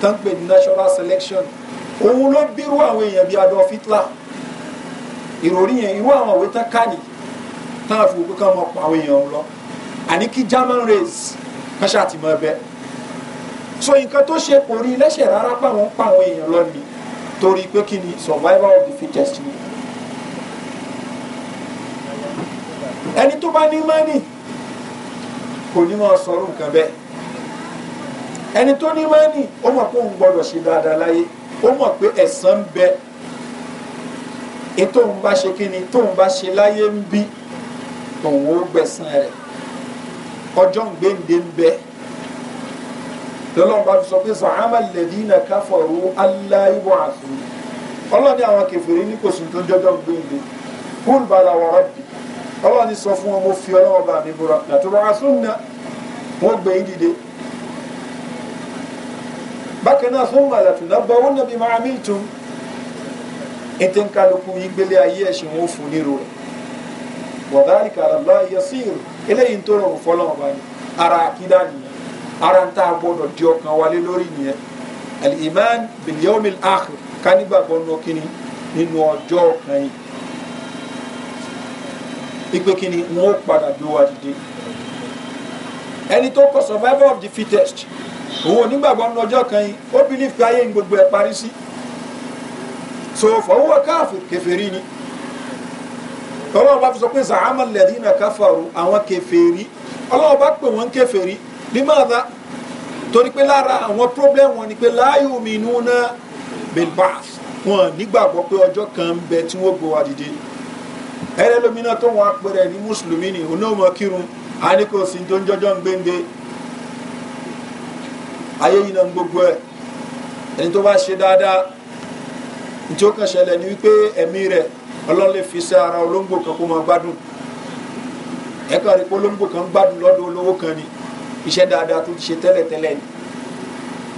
tán pè ní natural selection òun ló bírú àwọn èèyàn bíi Adolf Hitler ìròrí yẹn irú àwọn òwe tán ká nìyí tán àfi òkú kan mọ̀ pa àwọn èèyàn lọ àní kí German race kan ṣàtìmọ̀ ẹbẹ so nǹkan tó ṣe kò rí lẹ́sẹ̀ rárá pàwọn pàwọn èèyàn lọ ni torí pé kí ni survival of the fittest ni. tó bá ní mánì kò ní máa sọ̀rọ̀ nǹkan bẹ́ẹ̀ ẹni tó ní mánì ó mọ̀ pé òun gbọ́dọ̀ ṣe dáadáa láyé ó mọ̀ pé ẹ̀san ń bẹ ètò òun bá ṣe kíni tóun bá ṣe láyé ń bí òun ó gbẹ̀san rẹ̀ ọjọ́ ń gbéǹde ń bẹ lọ́lọ́run bá fi sọ pé zahama lẹ́dínà káfọ̀rú aláìwọ̀ àtúntò ọlọ́ni àwọn kẹfìrí ní kò tó jọjọ́ ń gbéǹde kúrú bá la b ọlọ́run ti sọ fún wọn mo fi ọlọ́wọ́ bá mi búra làtúbọ̀ asúnà wọ́n gbé yín dìde bákan náà fún màlàtúndà bọ̀ wọ́n nàbí máa mí tún ètè ń kálukú yín gbélé ayé ẹ̀sìn wọn fún nírò rẹ̀ wọ̀dáàlì kàlàbá yasir eléyìí tó rọrùn fọlọ́wọ́n bá ní ara àkídá nìyẹn ara ń tá a di ọkàn wálé lórí nìyẹn al-iman bil yawmil nù kíni nínú ọjọ́ kan yìí ipe kí ni wọ́n padà gbé wa dìde ẹni tó kọ survival of the fittest òun onígbàgbọ́ ní ọjọ́ kan yìí ó believe pé ayé gbogbo ẹ̀ parí sí so fọwọ́ káàfù kèfèrí ni ọlọ́run bá fi sọ pé zàámà lẹ́dínà káfàrú àwọn kèfèrí ọlọ́run bá pè wọ́n kèfèrí ní màdá torí pé lára àwọn problem wọn ni pé láàyò mi nù náà bilbaas wọn nígbàgbọ́ pé ọjọ́ kan ń bẹ tí wọ́n gbowó adìde ẹrẹ lómìnà tó wọn apẹrẹ ní mùsùlùmí ni onímọ̀ kírun àníkòsí tó ń jọjọ́ ń gbéǹde ayé yìí náà ń gbogbo ẹ̀ ẹni tó bá ṣe dáadáa tí ó kàn ṣẹlẹ̀ ni wípé ẹ̀mí rẹ̀ ọlọ́run lè fi sí ara olóńgbò kan kó máa gbádùn ẹ̀ka rí pé kan gbádùn lọ́dọ̀ olówó kan ni iṣẹ́ dáadáa tó ti ṣe tẹ́lẹ̀tẹ́lẹ̀ ni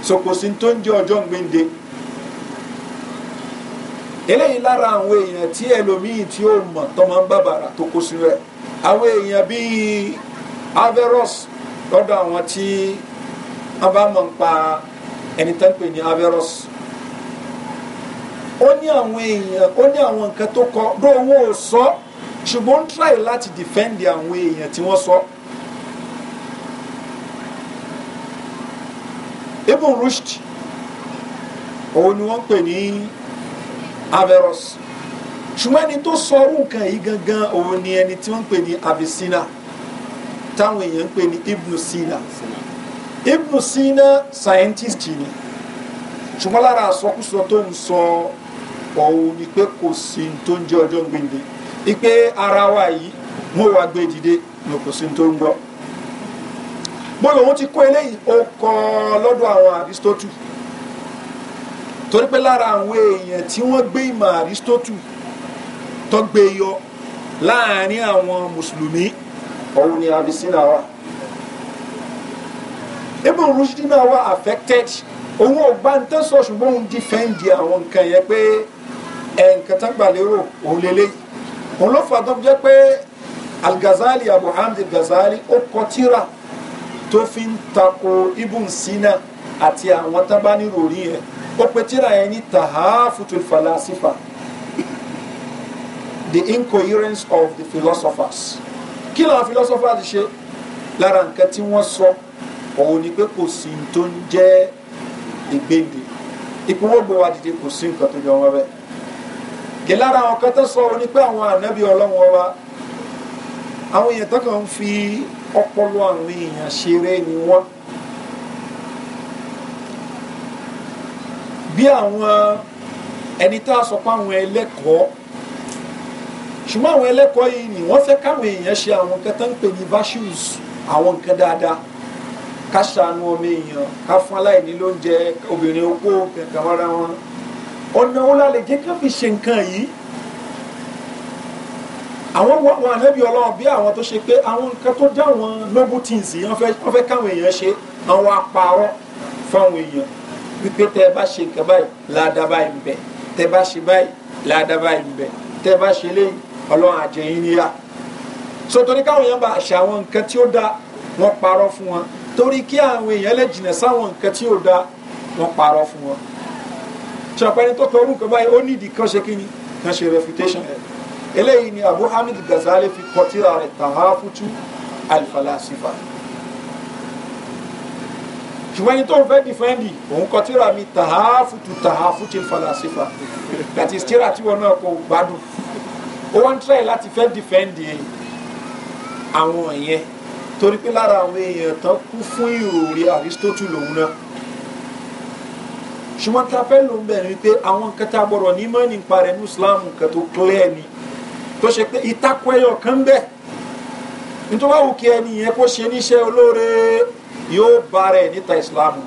so kò sí tó ń jẹ́ ọjọ́ ń eléyìí lára àwọn èèyàn tí ẹlòmíì tí ó mọ̀ tọmọ ń bàbàrà tó kó sínú ẹ̀ àwọn èèyàn bíi Averroes lọ́dọ̀ àwọn tí wọ́n bá mọ̀ ń pa ẹni tán pè ní Averroes ó ní àwọn èèyàn ó ní àwọn nǹkan tó kọ dó owó ò sọ ṣùgbọ́n ń try láti defend àwọn èèyàn tí wọ́n sọ. Ibn Rushd òun ni wọ́n pè ní. Averroes ṣùgbọ́n ẹni tó sọ ọrú nǹkan yìí gangan òun ni ẹni tí wọ́n ń pè ní Avicenna táwọn èèyàn ń pè ní Ibn Sina ibnu Sina scientist ni ṣùgbọ́n lára àsọkúsọ tó ń sọ òun ni pé kò sí tó ń jẹ́ ọjọ́ gbèǹde ipe ara wa yìí mo wà gbé dìde ni kò sí tó ń gbọ́ bóyá òun ti kó eléyìí ó kọ́ lọ́dọ̀ àwọn Aristotle torí pé lára àwọn èèyàn tí wọ́n gbé ìmọ̀ àrísítótù tó gbé yọ láàrin àwọn mùsùlùmí òun ni abisina wa ibn rushdi náà affected òun ò gbá ń tẹ́sọ̀ ṣùgbọ́n òun dífẹ́ǹdì àwọn nǹkan yẹn pé ẹnkan tán gbà lérò òun lélẹ́yìí òun ló fà tó jẹ́ pé al-Ghazali Abu Hamid ghazali ó kọ tírà tó fi ń tako ibn Sina àti àwọn tán bá nírò ó pe tíra yẹn ní tahafutul falasifa the incoherence of the philosophers kí làwọn philosophers ṣe lára nǹkan tí wọ́n sọ òun ni pé kò sí tó ń jẹ́ ìgbéǹde ìpínwọ́gbé wa dìde kò sí nǹkan tó jọ wọn bẹ́ẹ̀ kí lára àwọn kan tó sọ òun ni pé àwọn ànábì ọlọ́run ọba àwọn èèyàn tó kàn ń fi ọpọlọ àwọn èèyàn ṣeré ni wọ́n. bí àwọn ẹni tá a sọ pé àwọn ẹlẹ́kọ̀ọ́ ṣùgbọ́n àwọn ẹlẹ́kọ̀ọ́ yìí ni wọ́n fẹ́ káwọn èèyàn ṣe àwọn nǹkan tó ń pè ní virtues àwọn nǹkan dáadáa ká ṣàánú ọmọ èèyàn ká fún aláìní lóúnjẹ obìnrin opó kankan mọ́ra wọn ọ̀nà wo la lè jẹ́ ká fi ṣe nǹkan yìí àwọn wọn ànábì ọlọ́run bí àwọn tó ṣe pé àwọn nǹkan tó dá wọn noble things yìí wọ́n fẹ́ káwọn èèyàn ṣe àwọn apààrọ̀ fáwọn èèyàn wípé tẹ́ ẹ bá ṣe nǹkan báyìí ládàá báyìí ń bẹ tẹ́ ẹ bá ṣe báyìí ládàá báyìí ń bẹ tẹ́ ẹ bá ṣe léyìí ọlọ́run àjẹyìn níyà sotori káwọn èèyàn bá àṣà àwọn nǹkan tí ó dá wọn parọ́ fún wọn torí kí àwọn èèyàn lè jìnà sáwọn nǹkan tí ó dá wọn parọ́ fún wọn ṣàpẹni tó kọrú nǹkan báyìí ó nídìí kan ṣe kí ni kan ṣe refutation ẹ eléyìí ni Abu Hamid Ghazali fi kọtíra rẹ̀ Tahafutu al-Falasifa ṣùgbọ́n ẹni tó ń fẹ́ dìfẹ́ǹdì òun kọ tíra mi tàháfùtù tàháfùtù falasifa that is tíra tí wọn náà kò gbádùn ó wá ń try láti fẹ́ dìfẹ́ǹdì àwọn yẹn torí pé lára àwọn èèyàn tán kú fún ìròrí Aristotle lòun náà ṣùgbọ́n tá a fẹ́ lòun bẹ̀rẹ̀ wípé àwọn nǹkan tá a gbọ́dọ̀ ní mọ́ nípa rẹ̀ ní Islam nǹkan tó clear ni tó ṣe pé ìtakò ẹyọ kan bẹ́ẹ̀ nítorí wàá wù kí ẹni yẹn kó ṣe níṣẹ́ olóore yóò bára ẹ̀ níta ìsìláàmù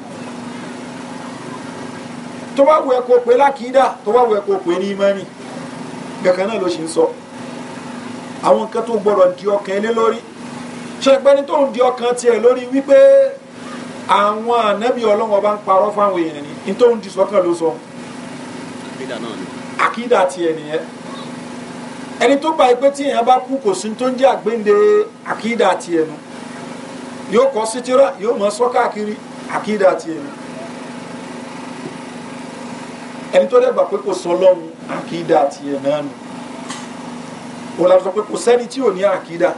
tó bá wù ẹ́ kó pé lákìídà tó bá wù ẹ́ kó pé ní ìmánì kankan náà ló ṣe ń sọ àwọn nǹkan tó gbọ́dọ̀ di ọkàn ilé lórí ṣẹgbẹ́ni tó ń di ọkàn tiẹ̀ lórí wípé àwọn ànábì ọlọ́wọ́ bá ń parọ́ fáwọn èèyàn ni tó ń di sọ́kàn ló sọ àkídà tiẹ̀ nìyẹn ẹni tó gba ẹgbẹ́ tí èèyàn bá kú kò sí tó ń jẹ́ àgbéǹde àkídà tiẹ̀ nu. No yóò kọ́ sítírà yóò mọ sọ káàkiri àkídà àti ẹni ẹni tó dẹ̀gbà pé kò sọ lọ́run àkídà àti ẹ̀ náà nù òun la sọ pé kò sẹ́ni tí ò ní àkídà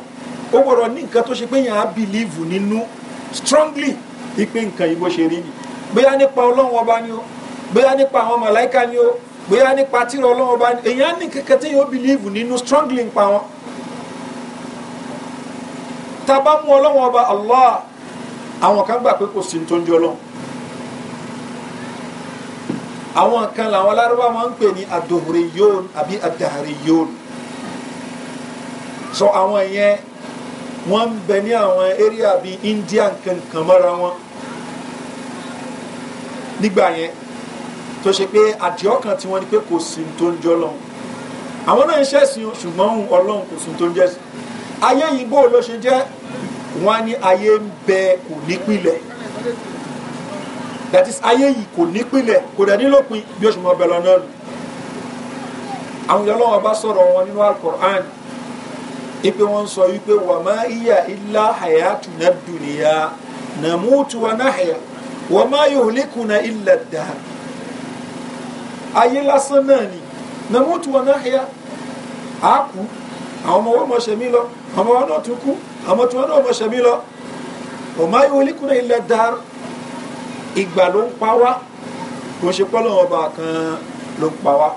ó gbọ́dọ̀ ní nǹkan tó ṣe pé yàn á bìlíìvù nínú strongly ipe nǹkan yìí bó ṣe rí ni bóyá nípa ọlọ́run ọba ni ó bóyá nípa àwọn màláìka ni ó bóyá nípa tírà ọlọ́run ọba ni èèyàn á ní kankan tí yóò bìlíìvù nínú strongly nípa wọn tábà mú ọlọ́wọ́n ọba allah àwọn kan gbà pé kò sí tó ń jọ lọ àwọn kan làwọn alárúbá máa ń pè ní adohreyon àbí adahareyon so àwọn yẹn wọ́n ń bẹ ní àwọn area bíi india kankan mọ́ra wọn nígbà yẹn tó ṣe pé àdìọ́kàn tí wọ́n ní pé kò sí tó ń àwọn náà ń ṣẹ̀sìn ṣùgbọ́n ọlọ́run kò sí tó ń ayé yìí bó ló ṣe jẹ́ wọ́n á ní ayé ń bẹ kò nípìlẹ̀ that is ayé yìí kò nípìlẹ̀ kò dẹ̀ nílòpin bí oṣù mọ̀ bẹ̀rẹ̀ náà nù àwọn èèyàn lọ́wọ́ bá sọ̀rọ̀ wọn nínú alukur'an ipe wọn sọ wípé wà má iya ilá hayatuna dunya namutu wa nahya wà má yuhlikuna illa dahr ayé lásán náà ni namutu wa nahya àákú àwọn ọmọ wọn mọ̀ ṣẹ̀mí lọ àwọn wa náà tún kú àwọn tí wọn náà mọ ṣẹmí lọ ọmọ ayé wọlé kúnlẹ̀ ilẹ̀ dar ìgbà ló ń pa wá kò ṣe pọ́ lọ́wọ́ ọba kan ló ń pa wá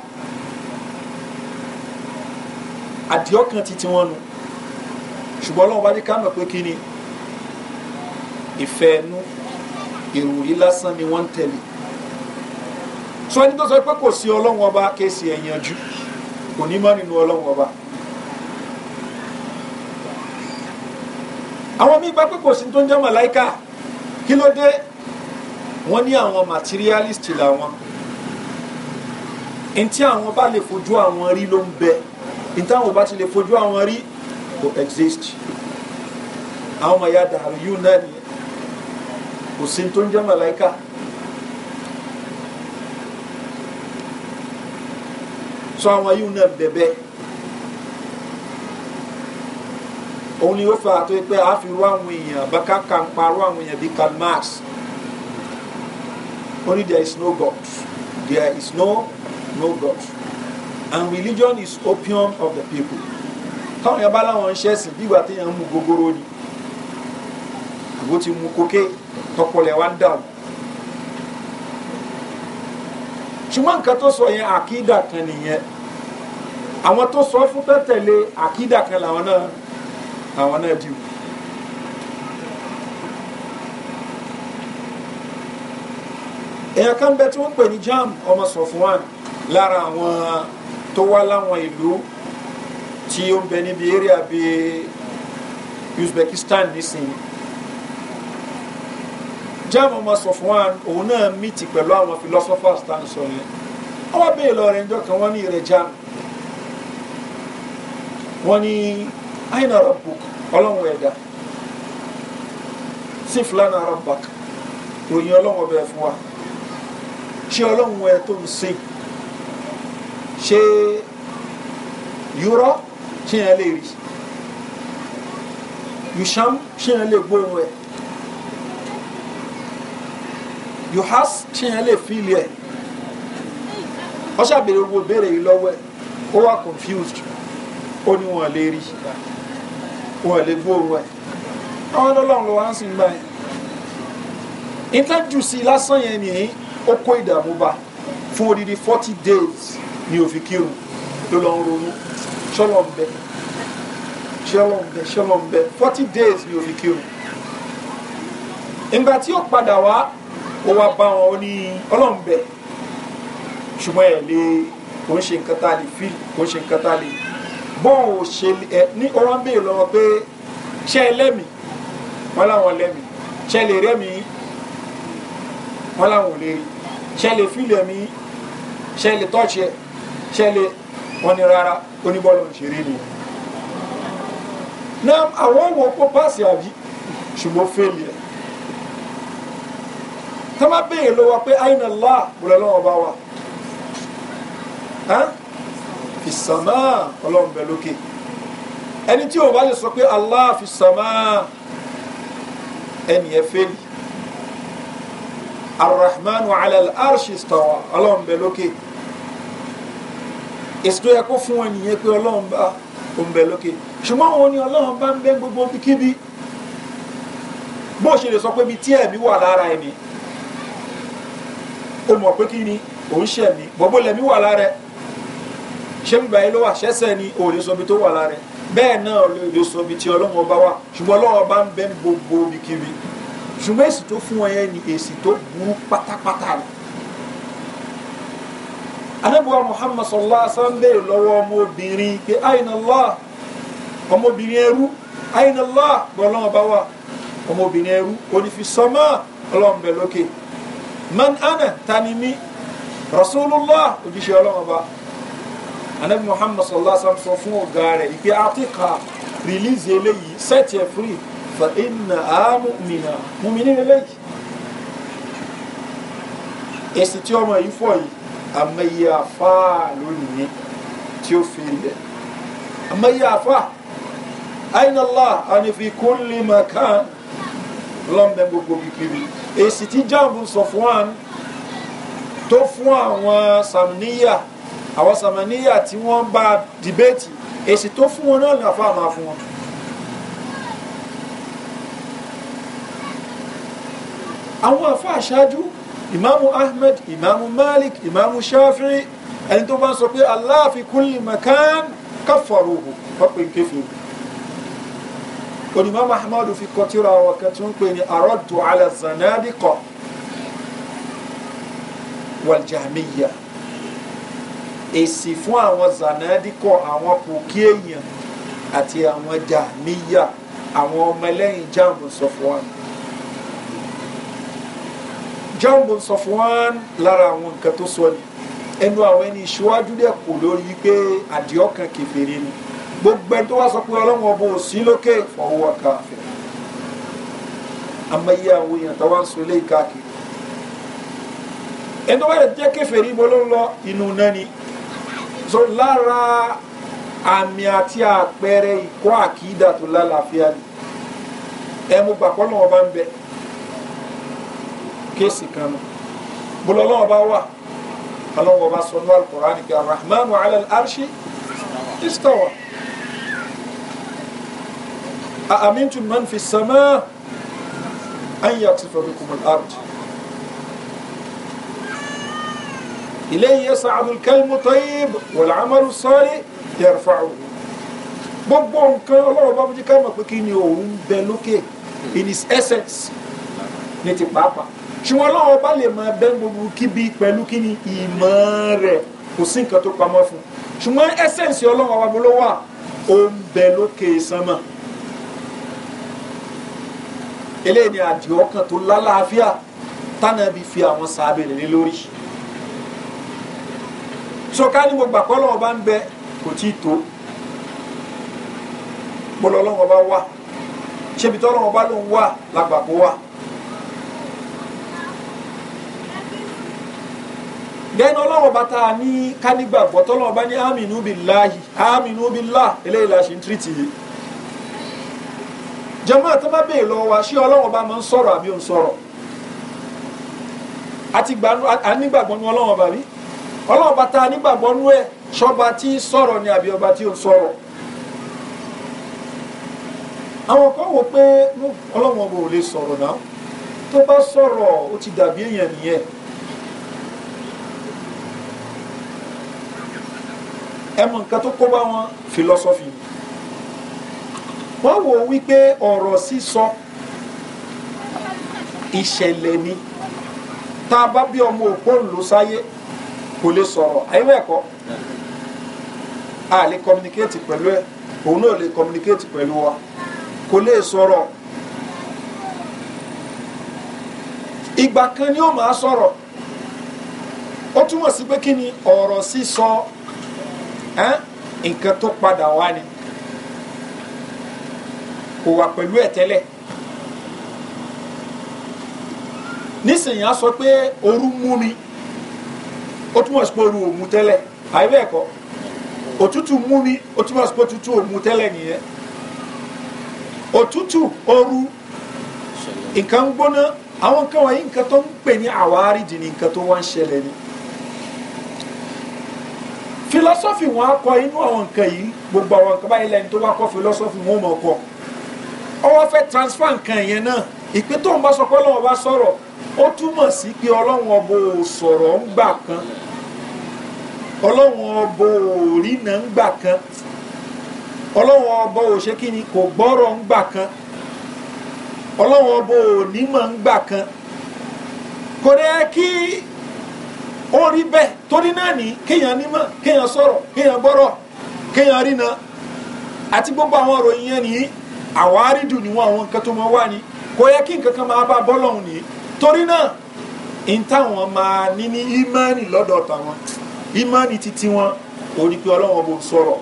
àdìọ́kan ti tiwọn nu ṣùgbọ́n lọ́wọ́ bá ní ká pé kí ni ìfẹ́ ẹnu ìròyìn lásán ni wọ́n ń sọ ẹni tó sọ pé kò sí ọlọ́wọ́n ọba kéèsì ẹ̀yànjú kò ní mọ́ nínú ọlọ́wọ́n ọba. àwọn míì gbà pé kò sí tó ń jẹ́ màláìka kí ló dé wọ́n ní àwọn materialist làwọn ntí àwọn bá lè fojú àwọn rí ló ń bẹ ntí àwọn bá ti lè fojú àwọn rí kò exist àwọn ọmọ ya dàrú yìí náà nìyẹn kò sí tó ń jẹ́ màláìka. sọ àwọn yìí náà bẹ̀bẹ̀. òun ni ó fa àtọ́ pé a fi ru àwọn èèyàn bàkà kan parọ́ àwọn èèyàn bíi Karl Marx only there is no God there is no no God and religion is opium of the people táwọn yẹn bá láwọn ń ṣẹ̀sìn bí ìgbà téèyàn ń mu gogoro ni àbó ti mu kókè tọpọlẹ wa ń dàrú ṣùgbọ́n nǹkan tó sọ yẹn àkídà kan nìyẹn àwọn tó sọ fún tẹ́tẹ̀lé àkídà kan làwọn náà àwọn náà dìbò. èèyàn kan bẹ tí wọ́n pè ní jam ọmọ sọ̀fúnwán lára àwọn tó wá láwọn ìlú tí ó ń bẹ níbi eré àbí Uzbekistan nísìnyí jam ọmọ sọ̀fúnwán òun náà mìtì pẹ̀lú àwọn philosophers tá à ń sọ yẹn wọ́n bèèrè lọ́rẹ̀ ńjọ́ kan wọ́n ní ìrẹ̀ jam wọ́n ní. aina na ọlọ́run ẹ̀dá sí fúlànà rabbak ròyìn ọlọ́run ọbẹ̀ fún wa ṣé ọlọ́run ẹ tó ń sìn ṣé yúrọ́ ṣé yẹn lè rí yusham yuhas ṣé yẹn lè fíìlì ọ ṣàbẹ̀rẹ̀ wa yìí lọ́wọ́ ó confused ó ní wọn lè wọ́n lè gbóòrò ẹ̀ àwọn ọlọ́run ló wá ń sìn báyìí intanet sí lásán yẹn nìyí ó kó ìdààmú bá fún odidi forty days ni òfin kírun ló lọ ń ronú ṣọlọ ń bẹ ṣọlọ ń bẹ ṣọlọ ń bẹ forty days ni òfin kírun ìgbà tí ó padà wá ó wá bá wọn ó ní ọlọ́run bẹ ṣùgbọ́n ẹ̀ lè kò ń ṣe nǹkan tá a lè fi kò ń ṣe nǹkan tá a lè bóun ò ṣe ẹ ní ọwọ́ ń bèèrè lọ́wọ́ pé ṣé ẹ lẹ́mìí wọ́n láwọn lẹ́mìí ṣé ẹ lè rẹ́mìí wọ́n láwọn ò lè rí ṣé ẹ lè fílẹ̀ mí ṣé ẹ lè tọ́ọ̀ṣì ẹ ṣé ẹ lè wọ́n ní rárá oníbọ́ọ̀lù ń ṣeré nìyẹn. náà àwọn wo kó páàsì àbí ṣùgbọ́n fẹ́ẹ̀lì ẹ̀ tọ́ bá béèrè lọ́wọ́ pé àyìnlá bùrọ̀lọ́wọ́ bá wà fi sàmà ọlọ́run bẹ lókè ẹni tí o bá lè sọ pé Allah fi sàmà ẹni ẹ fẹ́ yìí arrahman wa alal arshi stawa ọlọ́run bẹ lókè èsì tó yẹ kó fún wọn nìyẹn pé ọlọ́run bá òun bẹ lókè ṣùgbọ́n òun ni ọlọ́run bá ń bẹ gbogbo kíbi bó ṣe lè sọ pé mi tí ẹ̀mí wà lára ẹni o mọ̀ pé kí ni òun ṣẹ̀mí gbogbo lẹ̀mí wà lára ẹ̀ ṣé bíbá yìí ló wà ṣẹ́sẹ̀ ni ò lè sọ ibi tó wà lára ẹ̀ bẹ́ẹ̀ náà lè lè sọ ibi tí ọlọ́run ọba wà ṣùgbọ́n ọlọ́run ọba ń bẹ ń gbogbo ibikíbi ṣùgbọ́n èsì tó fún wọn yẹn ni èsì tó burú pátápátá rẹ̀ anabuwa muhammad sallallahu alaihi wasallam béèrè lọ́wọ́ ọmọbìnrin pé àyìnà allah ọmọbìnrin ẹrú àyìnà allah gbọ́dọ̀ ọba wà ọmọbìnrin ẹrú onífisọ́mọ́ ọlọ́run bẹ̀ lókè man ana tani mi rasulullah ojúṣe ọlọ́run ọba anabi muhammad sallallahu alaihi wasallam sọ fún ọ̀gá rẹ̀ ìpè àtìkà rìlíìsì eléyìí sẹ́ẹ̀tì ẹ̀ fúrì fa inna amúmìnà mùmìnì eléyìí èsì tí ọmọ yìí fọ yìí àmọye àfa lónìí tí ó fi ilẹ̀ àmọye àfa aina Allah àni gbogbo bíbí èsì tí jáàmù sọ fún wa tó fún àwọn sàmìníyà àwọn sàmàníyà tí wọ́n bá dìbẹ́tì èsì tó fún wọn náà làfà máa fún wọn. àwọn àfà àṣáájú ìmáàmù Ahmed ìmáàmù Malik ìmáàmù Shafi'i ẹni tó bá ń sọ pé Allah fi kulli makan kafaruhu wọ́n pè ń kéfì onímọ̀ mahamadu fi kọ́ tíra wọn kan tí wọ́n pè ní arọ́dù ala zanadiqa wal jahmiyya èsì fún àwọn zanadikọ àwọn pòkí èèyàn àti àwọn jàmíyà àwọn ọmọlẹ́yìn jambu sọfwan jambu sọfwan lára àwọn nǹkan tó sọ ni ẹnu àwọn ẹni ìṣíwájú dẹ̀ kò lórí pé àdìọ́kàn kẹfẹ́rẹ́ ni gbogbo ẹni tó wá sọ pé ọlọ́run ọba òsì lókè fọwọ́ káfẹ́ amáyé àwọn èèyàn tó wá ń sọ eléyìí káàkiri ẹni tó wá lè jẹ́ kẹfẹ́rẹ́ ibo ló ń lọ inú náà ni so lára àmì àti àpẹẹrẹ ìkọ́ àkídà tó lálàáfíà ni ẹ mú gbàpọ́ lọ́wọ́ bá ń bẹ kéèsì kan nù bọ́lá lọ́wọ́ bá wà ọlọ́wọ́ bá sọ ní alukur'an kí arahmanu ala arshi istawa a amintum man fi sama an yaksifa bikum al إليه yas'adu الكلم kalmu والعمل الصالح يرفعه. amalu as-salih yarfa'uhu gbogbo nǹkan ọlọ́run bá bójú ká mọ̀ pé kí ni òun bẹ lókè in his essence ní ti pàápàá ṣùgbọ́n ọlọ́run bá lè máa bẹ gbogbo kíbi pẹ̀lú kí ni ìmọ̀ rẹ̀ kò sí nǹkan tó pamọ́ fún ṣùgbọ́n essence ọlọ́run ọba bó ló wà òun bẹ lókè sánmà eléyìí ni àdìọ́kàn tó lálàáfíà tánàbí fi àwọn sàábẹ̀rẹ̀ lé lórí so ká ní mo gbà pé ọlọ́wọ́ bá ń bẹ kò tí ì tó gbọ́dọ̀ ọlọ́wọ́ bá wà ṣébi tí ọlọ́wọ́ bá lòun wà lágbàpọ̀ wà. dẹ́nu ọlọ́wọ́ bá tá a ní ká nígbàgbọ́ tọ́lọ́wọ́ bá ní aminu billahi aminu billah eléyìí la ṣe ń tírìtì yìí jàmáà tó bá bèè lọ wa ṣé ọlọ́wọ́ bá máa ń sọ̀rọ̀ àbí ò ń sọ̀rọ̀ àti gbàgbọ́ ní ọlọ́wọ́ bá rí ọlọ́run bá ta nígbàgbọ́ nú ẹ̀ ṣọba tí sọ̀rọ̀ ni àbí ọba tí ò sọ̀rọ̀ àwọn kan wò pé ọlọ́run ọba ò lè sọ̀rọ̀ náà tó bá sọ̀rọ̀ ó ti dàbí èèyàn nìyẹn ẹ nǹkan tó kó bá wọn philosophy wọ́n wò wípé ọ̀rọ̀ sísọ ìṣẹ̀lẹ̀ ni tá a bá bí ọmọ òpó ńlò sáyé kò lè sọ̀rọ̀ àyẹ̀wò ẹ̀kọ́ a lè communicate pẹ̀lú ẹ̀ òun náà lè communicate pẹ̀lú wa kò lè sọ̀rọ̀ ìgbà kan ni ó máa sọ̀rọ̀ ó túmọ̀ sí pé kí ni ọ̀rọ̀ sísọ nǹkan tó padà wá ni kò wà pẹ̀lú ẹ̀ tẹ́lẹ̀ nísìnyí á sọ pé orú mú mi ó túmọ̀ sí pé oru ò mú tẹ́lẹ̀ àìbẹ́ẹ̀kọ́ òtútù mú mi ó túmọ̀ sí pé òtútù ò tẹ́lẹ̀ nìyẹn òtútù oru nǹkan gbóná àwọn nǹkan wọ̀nyí nǹkan tó ń pè ní àwárídì ni nǹkan tó wá ń ṣẹlẹ̀ ni filosofi wọn á kọ inú àwọn nǹkan yìí gbogbo àwọn nǹkan báyìí lẹni tó bá kọ filosofi wọn ò mọ̀ kọ ọwọ́ fẹ́ transfer nǹkan yẹn náà ìpín tó ń bá sọ pé ọlọ́wọ́ bá sọ̀rọ̀ ó túmọ̀ sí pé ọlọ́run ọba ò sọ̀rọ̀ ń gbà kan ọlọ́run ọba ò rínà ń gbà kan ọlọ́run ọba ò ni kò gbọ́rọ̀ ń gbà kan ọlọ́run ọba ò nímọ̀ ń gbà kan kò dẹ́ kí ó rí bẹ́ẹ̀ torí náà ní kéèyàn nímọ̀ kéèyàn sọ̀rọ̀ kéèyàn gbọ́rọ̀ kéèyàn rínà àti gbogbo àwọn ìròyìn yẹn ní àwárídù níwọ̀n àwọn nǹkan tó máa wà ní kò yẹ kí nǹkan kan máa bá bọ́lọ̀hún nìyí torí náà n táwọn máa ní ní ìmánì lọ́dọ̀ tàwọn ìmánì títí wọn ò ní pé ọlọ́wọ́n bò sọ̀rọ̀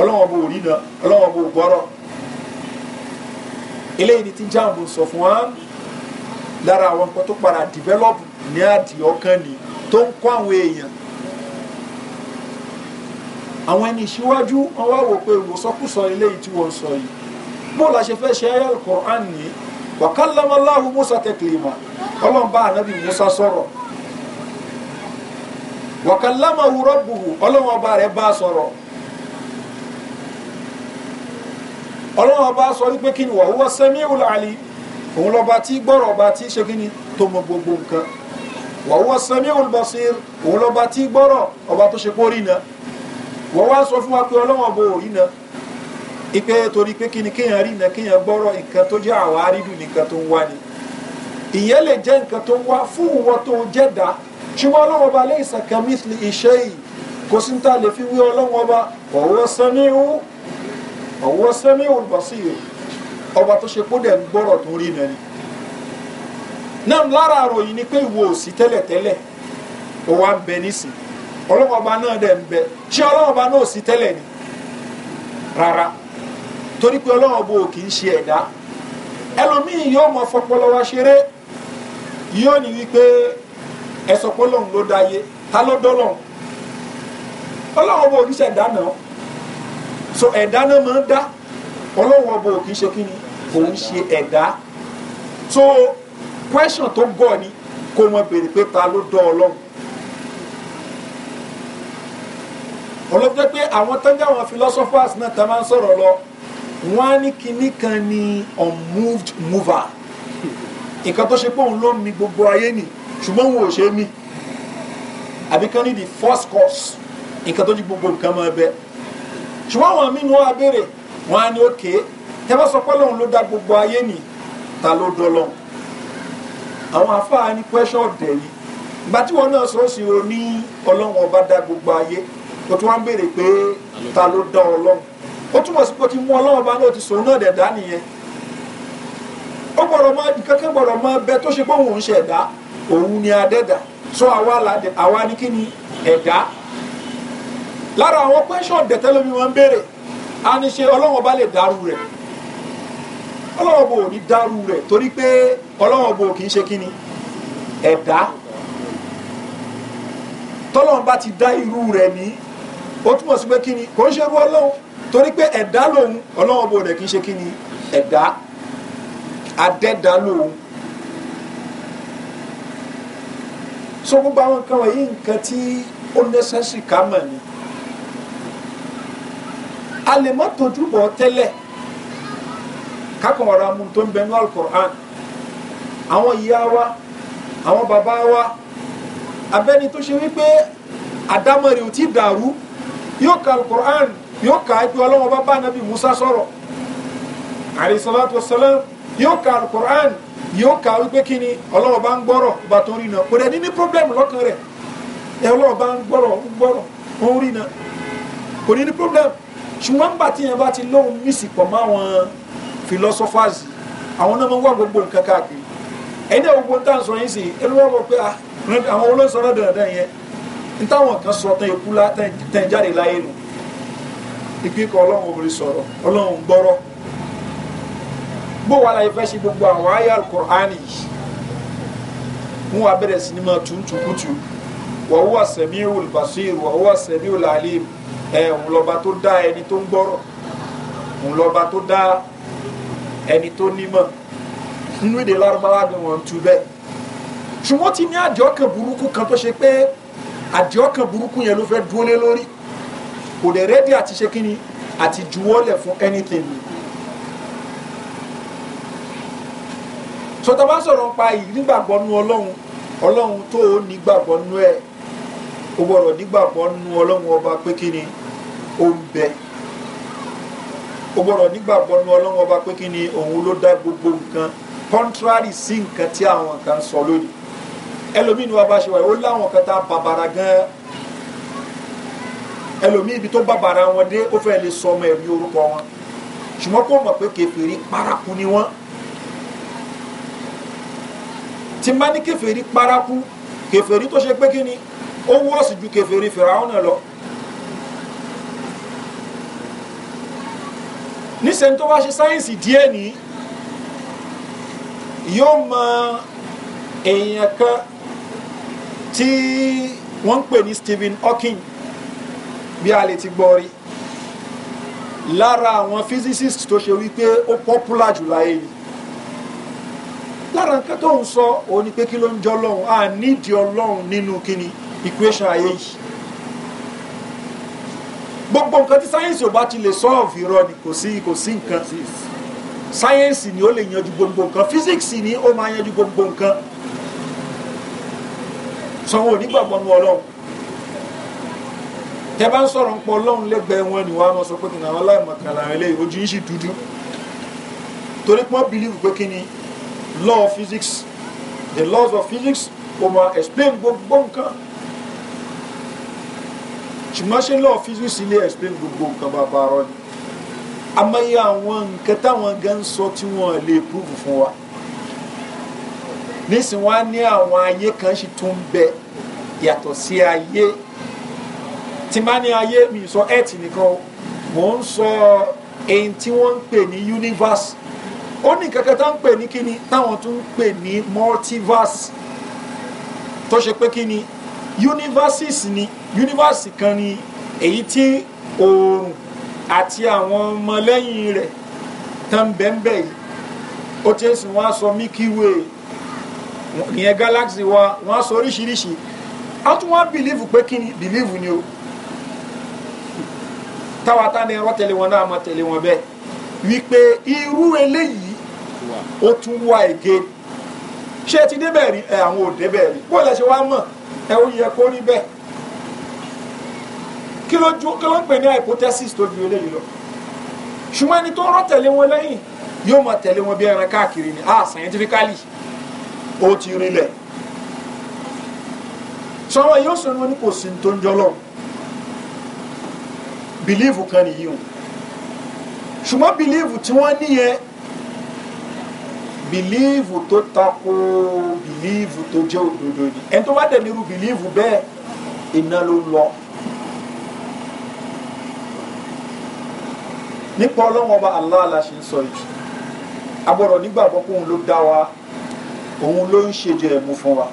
ọlọ́wọ́n bò rí náà ọlọ́wọ́n bò gbọ́rọ̀ eléyìí ni tí jáàmù sọ fún wa lára àwọn nǹkan tó padà dìvẹ́lọ́pù ní àdìọ́kàn ni tó ń kọ́ àwọn èèyàn àwọn ẹni ìṣíwájú wọn wá wò pé ìwòsànkúsọ eléyìí tí wọ́n sọ yìí bó la ṣe fẹ́ ṣe ayé alukur'an ni wa kallama Allahu Musa taklima ọlọ́run bá anabi Musa sọ̀rọ̀ wa kallamahu rabbuhu ọlọ́run ọba rẹ̀ bá sọ̀rọ̀ ọlọ́run ọba sọ wípé kí ni wa huwa sami'ul alim òun lọ́ba tí gbọ́rọ̀ ọba tí ṣe kí ni tó mọ gbogbo nǹkan wa huwa sami'ul basir òun lọ́ba tí gbọ́rọ̀ ọba tó ṣe kórìí náà wọ́n wá sọ fún wa pé ọlọ́run ọba òrìí náà ipe torí pé kí ni kéèyàn rí nǹkan kéèyàn gbọ́rọ̀ nǹkan tó jẹ́ àwọn arídùn nǹkan tó ń wá ni ìyẹn lè jẹ́ nǹkan tó ń wá fún ìwọ tó ń jẹ́dá ṣùgbọ́n ọlọ́wọ́ ba lẹ́yìn sàkà mithli iṣẹ́ yìí kò sí ta lè fi wí ọlọ́wọ́ ọba ọ̀wọ́ sẹ́míhù ọ̀wọ́ sẹ́míhù basir ọba tó ṣe kó dẹ̀ ń gbọ́rọ̀ tó rí náà ni náà lára àròyìn ni pé ìwọ òsì tẹ́lẹ̀tẹ́lẹ̀ ó wá ń bẹ nísìn ọlọ́wọ́ ọba náà dẹ̀ ń bẹ ṣé ọlọ́wọ́ ọba náà òsì tẹ́lẹ̀ ni rárá torí pé ọlọ́run bò kì í ṣe ẹ̀dá ẹlòmíì yóò mọ fọpọlọ wa ṣeré yóò ní wípé ẹ̀sọ̀ pé ọlọ́run ló dáyé ta ló dọ́lọ́run ọlọ́run bò kì í ṣe ẹ̀dá náà so ẹ̀dá náà máa ń dá ọlọ́run bò kì í ṣe kí ni kò ń ṣe ẹ̀dá so question tó gọ̀ ni kó mọ béèrè pé ta ló dọ́ ọlọ́run ọlọ́pẹ́ pé àwọn tọ́jú àwọn philosophers náà ta máa ń sọ̀rọ̀ lọ wọ́n á ní kinní kan ní unmoved mover nǹkan tó ṣe pé òun ló mi gbogbo ayé nì ṣùgbọ́n òun ò ṣe mí àbí kan ní the first course nǹkan tó jí gbogbo nǹkan máa bẹ ṣùgbọ́n àwọn mímu wa béèrè wọ́n á ní òkè tẹ́ bá sọ pé lòun ló dá gbogbo ayé nì ta ló dọ́lọ́hùn àwọn afáà ní pẹ́ṣọ̀ ọ̀dẹ̀ yìí ìgbà tí wọn náà sọ sí o ní ọlọ́run ọba dá gbogbo ayé o tún wá béèrè pé ta ló dá ọlọ́run ó túmọ̀ sí pé ó ti mú ọlọ́run bá náà ti sòun náà dẹ̀ dá nìyẹn ó gbọ́dọ̀ máa kankan gbọ́dọ̀ máa bẹ tó ṣe pé òun ń ṣe ẹ̀dá òun ni adẹ́dà so àwa ni kí ni ẹ̀dá lára àwọn pẹ́ṣọ̀n dẹ̀tẹ́lómi wọn ń béèrè a ní ṣe ọlọ́run bá lè dárú rẹ̀ ọlọ́run bò ní dárú rẹ̀ torí pé ọlọ́run bò kì í ṣe kí ni ẹ̀dá tọ́lọ́run bá ti dá irú rẹ̀ ní ó túmọ̀ sí pé kí ni kò ń ṣerú ọlọ́run torí pé ẹ̀dá lòun ọlọ́wọ́n bò rẹ̀ kì í ṣe kí ni ẹ̀dá adẹ́dá lòun so gbogbo àwọn nǹkan wọ̀nyí nǹkan tí ó nẹ́sẹ̀sì ká mọ̀ ni a lè má tójú bọ̀ tẹ́lẹ̀ kákan ọ̀rọ̀ amú ń bẹnu alukur'an àwọn ìyá wa àwọn bàbá wa abẹ́ni tó ṣe wípé àdámọ̀ rẹ̀ ò tí dàrú yóò ka alukur'an yóò kà á pé ọlọ́wọ́n bá bá nàbí musa sọ̀rọ̀ alayhi salatu wassalam yóò kà alukur'an yóò kà wípé kí ni ọlọ́wọ́n bá ń gbọ́rọ̀ ìgbà tó rí náà kò dẹ̀ ní ní pírọ́blẹ́mù lọ́kàn rẹ̀ ẹ ọlọ́wọ́n bá ń gbọ́rọ̀ ń gbọ́rọ̀ ó ń rí náà kò ní ní pírọ́blẹ́mù ṣùgbọ́n nígbà tí yẹn bá ti lóun mísì pọ̀ mọ́ àwọn philosophers àwọn náà máa ń wá gbogbo nǹkan káàkiri ẹni ah, àwọn gbogbo táwọn sọ yín sí ẹni wọ́n rọ pé àwọn olóńsọ̀rọ̀ dandan yẹn ní táwọn kan sọ tán ikú látẹ̀ jáde láyé nù ìgbìkọ̀ ọlọ́run orí sọ̀rọ̀ ọlọ́run gbọ́rọ̀ bó wà láyé fẹ́ ṣe gbogbo àwọn àyá alukur'ani yìí wọn wà bẹ̀rẹ̀ sí ni máa tún tukutu wa huwa sami'ul basir wa huwa sami'ul alim ẹ̀ ń lọ́ba tó dá ẹni tó ń gbọ́rọ̀ ń lọ́ba tó dá ẹni tó nímọ̀ nínú èdè lárúbáwá ni wọ́n ń tu bẹ́ẹ̀ ṣùgbọ́n ti ní àdìọ́kàn burúkú kan tó ṣe pé àdìọ́kàn burúkú yẹn ló fẹ́ dúró lé lórí kò dẹ̀ rẹ́dí àti ṣe kí ni àti juwọ́lẹ̀ fún anything ni. sọtaba sọ̀rọ̀ nípa yìí nígbàgbọ́ nu ọlọ́run ọlọ́run tó o nígbàgbọ́ nu ẹ̀ o gbọ́dọ̀ nígbàgbọ́ nu ọlọ́run ọba pé kí ni ó ń bẹ o gbọ́dọ̀ nígbàgbọ́ nu ọlọ́run ọba pé kí ni òun ló dá gbogbo nǹkan contrary sí nǹkan tí àwọn kan sọ lónìí ẹlòmínú wa bá ṣe wáyé ó láwọn kan tá a bàbàrà gan-an ẹlòmíì ibi tó bàbàrà wọn dé ó fẹ́ lè sọ ọmọ ẹ̀rí orúkọ wọn ṣùgbọ́n kó mọ̀ pé kèfèrí paraku ni wọ́n tí n bá ní kèfèrí paraku kèfèrí tó ṣe pé kí ni ó wọ́ọ̀sì ju kèfèrí Fìràwọn náà lọ. níṣẹ́ tó bá ṣe sáyẹ́ǹsì díẹ̀ ní yóò mọ èèyàn kan tí wọ́n ń pè ní Stephen Hawking bí a lè ti gbọ́ rí lára àwọn physicist tó ṣe wípé ó popular jù láyé ni lára nǹkan tó ń sọ òun ni pé kí ló ń jọ ọlọ́run a nídìí ọlọ́run nínú kíni equation ayé yìí gbogbo nǹkan tí sáyẹ́nsì ò bá ti lè solve irọ́ ni kò sí kò sí nǹkan sáyẹ́nsì ni ó lè yanjú gbogbo nǹkan físíksì ni ó máa yanjú gbogbo nǹkan sanwó onígbàgbọ́ ọlọ́run tẹ bá ń sọ̀rọ̀ ń pọ̀ ọlọ́run lẹ́gbẹ̀ẹ́ wọn ni wàá máa sọ pé kìnnà àwọn aláìmọ̀kà làwọn eléyìí ojú yìí sì dúdú torí pé wọ́n bìlíwù pé kí ni law of physics the laws of physics kò máa explain gbogbo nǹkan ṣùgbọ́n ṣé law of physics lè explain gbogbo nǹkan bàbá rọ ni amáyé àwọn nǹkan táwọn gan sọ tí wọ́n lè prove fún wa nísìnyí wọ́n á ní àwọn ayé kan sì tún bẹ yàtọ̀ sí ayé. Si tí má ayé mi sọ earth nìkan mò ń sọ èyí tí wọ́n ń pè ní universe ó ní kankan tá ń pè ní kíni táwọn tún ń pè ní multiverse tó ṣe pé kíni universes ni universe kan ni èyí tí oòrùn àti àwọn ọmọlẹ́yìn rẹ̀ tán bẹ́ẹ̀ yìí ó ti ń sìn wọ́n á sọ milky way ìyẹn galaxy wa wọ́n á sọ oríṣiríṣi a tún wá bìlíìfù pé kíni bìlíìfù ni o táwa tá ní irọ́ tẹ̀lé wọn náà mọ̀ tẹ̀lé wọn bẹ́ẹ̀ wípé irú eléyìí ó tún wá ègé ṣé ti débẹ̀ rí ẹ àwọn ò débẹ̀ rí bó lẹ ṣe wá mọ̀ ẹ ó yẹ kó rí bẹ́ẹ̀ kí ló ju kí ló ń pè ní hypothesis tó ju eléyìí lọ ṣùgbọ́n ẹni tó rọ́ tẹ̀lé wọn lẹ́yìn yóò mọ̀ tẹ̀lé wọn bí ẹran káàkiri ni ah scientifically ó ti rinlẹ̀ sọ wọn yóò sọ wọn ní kò sí ní tó ń jọ lọ́wọ́ bìlíìfù kan nìyí o ṣùgbọ́n bìlíìfù tí wọ́n ní yẹn bìlíìfù tó tako bìlíìfù tó jẹ́ òdodo ni ẹni tó bá dẹ̀ nírú bìlíìfù bẹ́ẹ̀ iná ló lọ. nípa ọlọ́wọ́n ọba Allah la ṣe ń sọ yìí agbọ́dọ̀ nígbàgbọ́ pé òun ló dá wa òun ló ń ṣe jẹ́ ẹ̀mú fún wa.